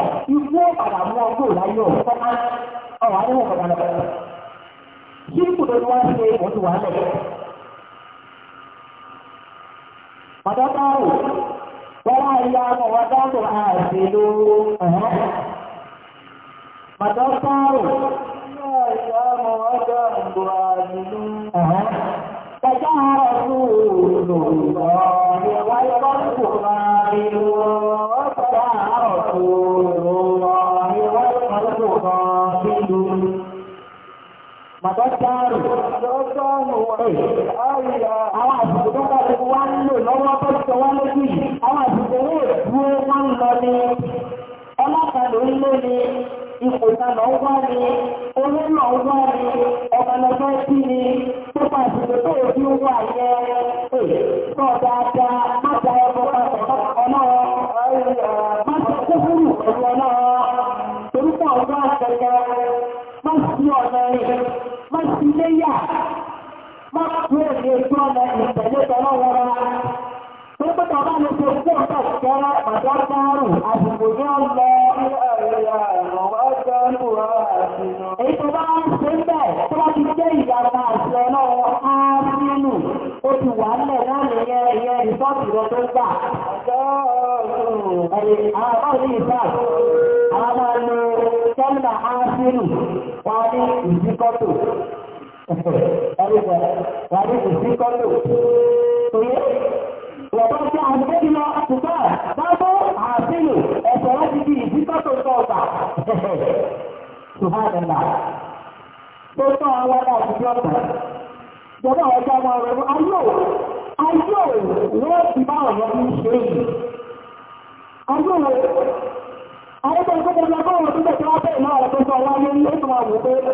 ikú ọ̀padà mú ọgbó láyọ̀ ọ̀pá ọ̀rọ̀ àdéhùn ọ̀padà lọ. Kí ni kòtò wá ṣe òun wà lẹ̀? Bàbá báwò, wọ́n wá ya ọmọ wa dáàbò àti ló ọ̀hán. Bàbá báwò, wọ́n ya ọmọ wa dáàbò àti ló ọ̀hán. Bàbá báwò, wọ́n ya ọmọ wa dáàbò àti ló ọ̀hán. راحل Màdọ́tàrù, àwọn àṣìkò tó kàrí wá ń lò lọ́wọ́ tó ni yà má kú èdè tí wọ́n lọ ìtẹ̀lé tọ́lọ́ wọ́ra tó pé tọ́lá ló ṣe fún ọ̀tọ̀ ìtẹ́rẹ́ bàbá bárùn àbùkù ní ọlọ èyí tó bá ń ṣe bẹ́ẹ̀ tó bá ti jẹ́ ìyàrá àti ọlọ́wọ́ á nínú ó ti wà nílẹ̀ náà nìyẹn ìyẹn ìfọ́ọ̀tì lọ tó gbà ẹ̀yìn àwọn ọ̀rọ̀ ìfà àwọn ọmọ ẹni tẹ́lẹ̀ àásínù wọn ní ìdíkọ́tò ẹ̀rùgbà wàrí kò sí kọ́lù tóyé wọ̀bá tí a ń gbé lọ àtùgbà bábọ́ àbílò ẹ̀sẹ̀ láti di ìdíkọ́tò tọ́ọ̀tà ṣùgbọ́nà tó tọ́ àwọn aláàbùsí ọ̀tà jọba ọjọ́ ọmọ rẹ̀ ayò ayò wọ́n ti bá ọ̀rọ̀ ní ṣe yìí ayò Àwọn ọmọ ìgbẹ́gbẹ́ ọgbọ́n ọdún tẹ̀síwájú ìlú àwọn tó sọ wáyé ní ètò àwọn òṣèré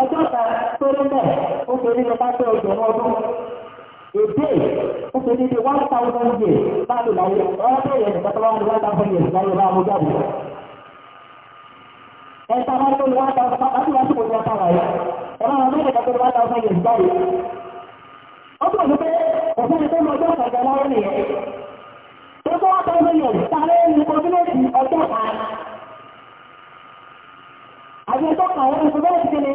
ọjọ́ta tó ń bọ̀ ó ṣe nílò bá tẹ́ ọjọ́ ọdún èdè ó ṣe nílò one thousand years bá lè láyé ọjọ́ ìyẹn nìkan tó bá ní one thousand years láyé bá mú jáde ẹ̀ta máa tó ní one thousand láti wá sí gbogbo ọ̀tá wáyé ẹ̀rọ àwọn mẹ́rin kan tó ní one thousand years jáde ó pọ̀ ní pé òfin ni tó ní ọjọ́ ọ̀tá láyé nìyẹn tó tó one thousand years sáré ní ojú méjì ọjọ́ kan àti ẹjọ́ kan wọ́n ti bẹ́ẹ̀ ti kéde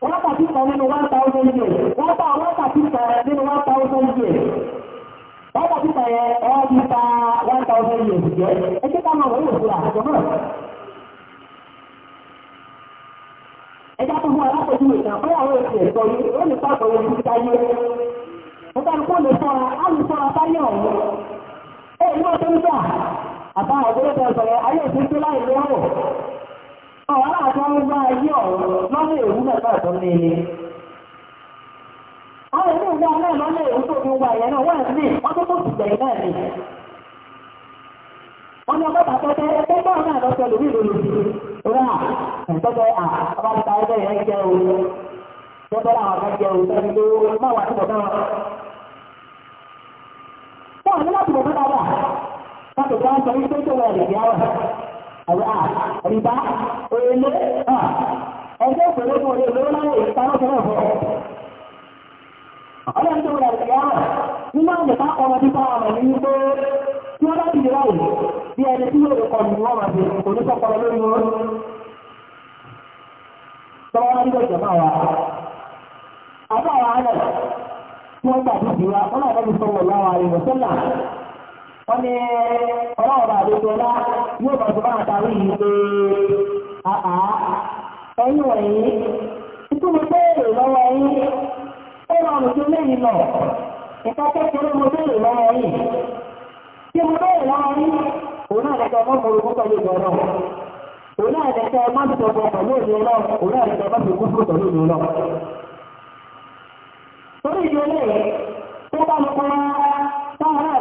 wákàtí kan nínú 1000 years wákàtí kan nínú 1000 years wákàtí kan yẹ ọwọ́ ti one 1000 years jẹ́ ẹjẹ́ ká wọ́n yóò fura àjọmọ́ ẹjẹ́ tó mú alákòójú ìtàn fún àwọn èsì ẹ̀sọ́ yìí ó lè pàtó ohun tí táyé ó bá kó lè fọ́ra á lè fọ́ra ọ̀hún Àwọn àjọ ń bá ayé ọ̀rọ̀ lọ́nà èwú mẹ́ta ọ̀tọ́ ní ilé. Àwọn ìlú ìwọ náà lọ́nà èwú tó fi wà yẹn náà wà ní wọ́n tó tó sì gbẹ̀yìn náà ni. Wọ́n ní ọgọ́ta tẹ́tẹ́ ẹgbẹ́ bá náà lọ́sẹ̀ lórí ìlú rà ẹ̀tọ́tẹ́ àbáríta ẹgbẹ́ yẹn jẹ́ orí. Tẹ́tẹ́ làwọn kan jẹ́ orí tẹ́tẹ́ tó máa wà síbọ̀ náà. Wọ́n ní láti bọ̀ àyà rìbá èlé ẹgbẹ́ òṣèlú fún olè lówó láyé ìpaná tó náà fọ́. ọlọ́run tó wọlé àgbẹ̀yà rẹ̀ nínú àwọn ìta ọmọ tí fáwọn ọmọ ní pé tí wọ́n bá ti lè ráyè bí ẹni tí yóò kọ ní wọ́n máa fi oníṣọ́pọ̀ lórí wọn. tọ́wọ́ wọn wọ́n ní ọlọ́ọ̀bà àdójọ́lá yóò bá tó bá àtàrí yìí pé àá ẹ̀yìn wọ̀nyí ìtumọ̀ béèrè lọ́wọ́ yín ó rọrùn tó lẹ́yìn lọ ìka kékeré mo béèrè lọ́wọ́ yín tí mo béèrè lọ́wọ́ yín òun náà lẹ́kọ̀ọ́ mọ́ mo rògbò pẹ̀lú ìgbọ̀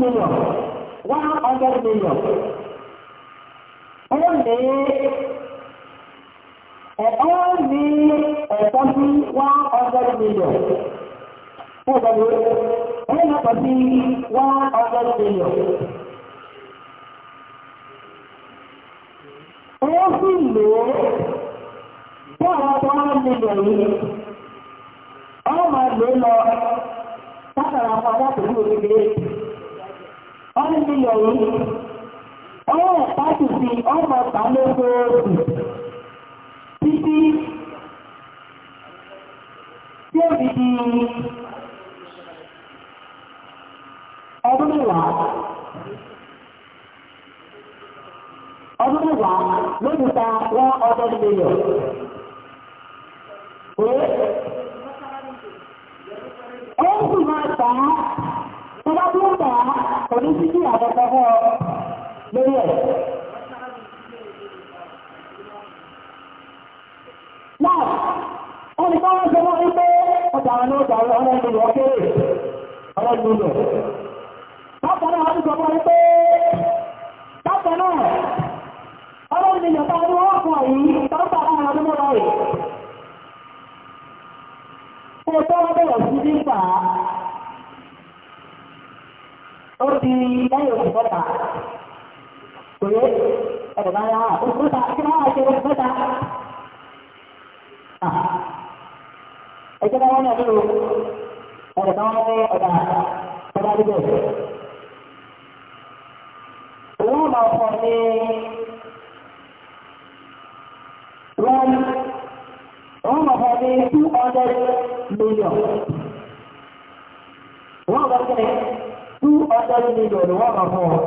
million, 100 million. Only only ẹ̀tọ́jú 100 million. Ẹgbẹ̀rẹ̀ ẹ̀lọ́pọ̀ sí 100 million. Ó sì ọrụ ó fún àwọn 100 million yìí. Ọ máa lọ látara àwọn adápẹ̀lú òkèkèrè. ọ̀rẹ́ ti yẹ̀ yìí ọwọ́ ẹ̀ka sì fi ọmọ ọ̀tá lóṣooṣù títí tí ó fi di ọdún mẹ́wàá ọdún mẹ́wàá lójú ta wọ́n ọdún mílíọ̀ ó sì máa tàn tó tó ń bà á sí kí àkọ́kọ́ lórí ẹ̀. náà ẹni ká wọ́n ṣe wọ́n ọjà àwọn ọjà ọmọ ìlú ọkẹ́rẹ́ ọmọ bákan náà wọ́n sọ fún bákan náà ọmọ ìlú ìjọba ní sí ní fà ó ti lẹ́yìn oṣù mẹ́ta pé ẹ̀rọ bá yá oṣù mẹ́ta kí wọ́n á ṣe oṣù mẹ́ta. ẹ̀jẹ̀ bá wọn bá ní ìlú ọ̀lọ́wọ́ kan fún ọ.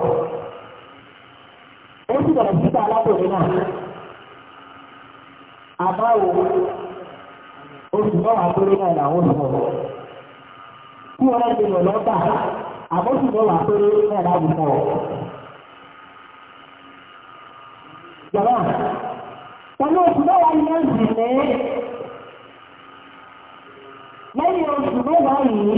Ó sì bẹ̀rẹ̀ síta alábòrí náà. Àbáwo oṣù mẹ́wàá péré náà làwọn olùkọ́. Kí wọ́n láti lọ lọ́gbà, àbóṣù mẹ́wàá péré náà láwùjọ fún Jọba, pẹ̀lú oṣù mẹ́wàá ni wọ́n ní lẹ́yìn oṣù mẹ́wàá yìí.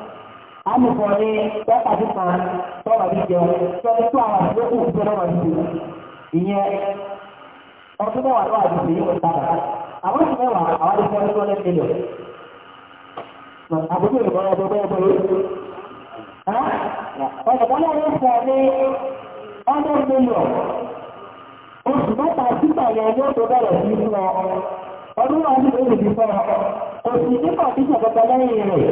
àmùkàn ní tọ́pàdé kan tọ́pàdé jẹun tọ́pàdé tó àwọn àdúgbò kù tó lọ́wọ́ àdúgbò ìyẹn ọdún mẹ́wàá lọ́wọ́ àdúgbò yìí kò sábà àwọn ọdún mẹ́wàá àwọn àdúgbò yìí lọ́wọ́ lẹ́sẹ̀lẹ̀ àbúrò ìbọn ọdún mẹ́wàá ọ̀dọ̀gbọ́n náà ń sọ ní ọdún mílíọ̀n oṣù mẹ́ta títà yẹn ní oṣù bẹ̀rẹ̀ sí fún ọ ọdún náà ń sọ èdè fún ọ oṣù nípa títà kọkọ lẹ́yìn rẹ̀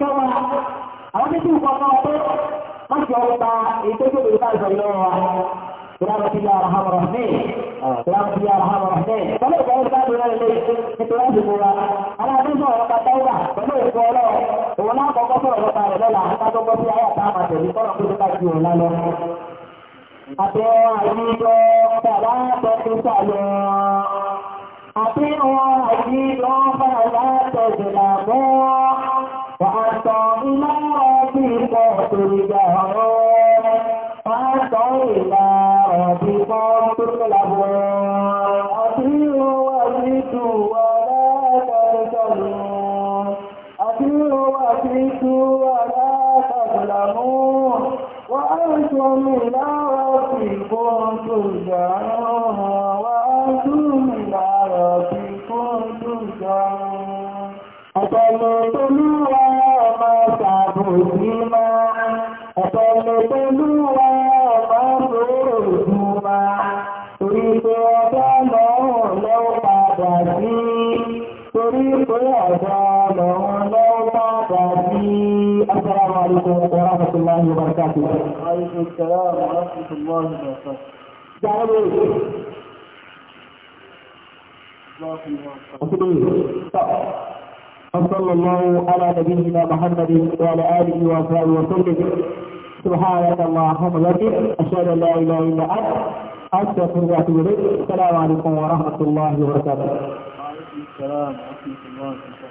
tọ́wọ́ àwọn tí kí n kọ́kọ́ pé wọ́n ti ọwọ́ ta ìtọ́jú òbí ká ìsọ̀ ìlọ́rọ̀ wa Ìlànà ti yára ha mọ̀rọ̀ ní ìlànà ti yára ha mọ̀rọ̀ ní ìtọ́lẹ̀ ìgbà ìgbà ìgbà ìlú nítorí láti múra. Aláàbíjọ́ ọ̀rọ̀ pàtà ìwà pẹ̀lú ìfọ́ ọlọ́ òun náà kọ́kọ́ sọ̀rọ̀ lọ́ta rẹ̀ lọ́la látọ́gbọ́ sí ayà tá a àwọn àyíjọ bàbá بما في قاتل جهران فأتوا إلى ربكم تقلبون أطيعوا وأطيعوا ولا تبتلوا أطيعوا وأطيعوا ولا تظلموا وأنتم إلى ربكم ترجعون pé àgbà lọ́wọ́ lọ́wọ́ bá bí Assalamu alaikum wa rahmatullahi wa barakatuh. وصلى الله على نبينا محمد وعلى آله وصحبه وسلم سبحانك اللهم وبحمدك أشهد أن لا إله إلا أنت أستغفرك وأتوب إليك السلام عليكم ورحمة الله وبركاته. وعليكم السلام ورحمة الله الله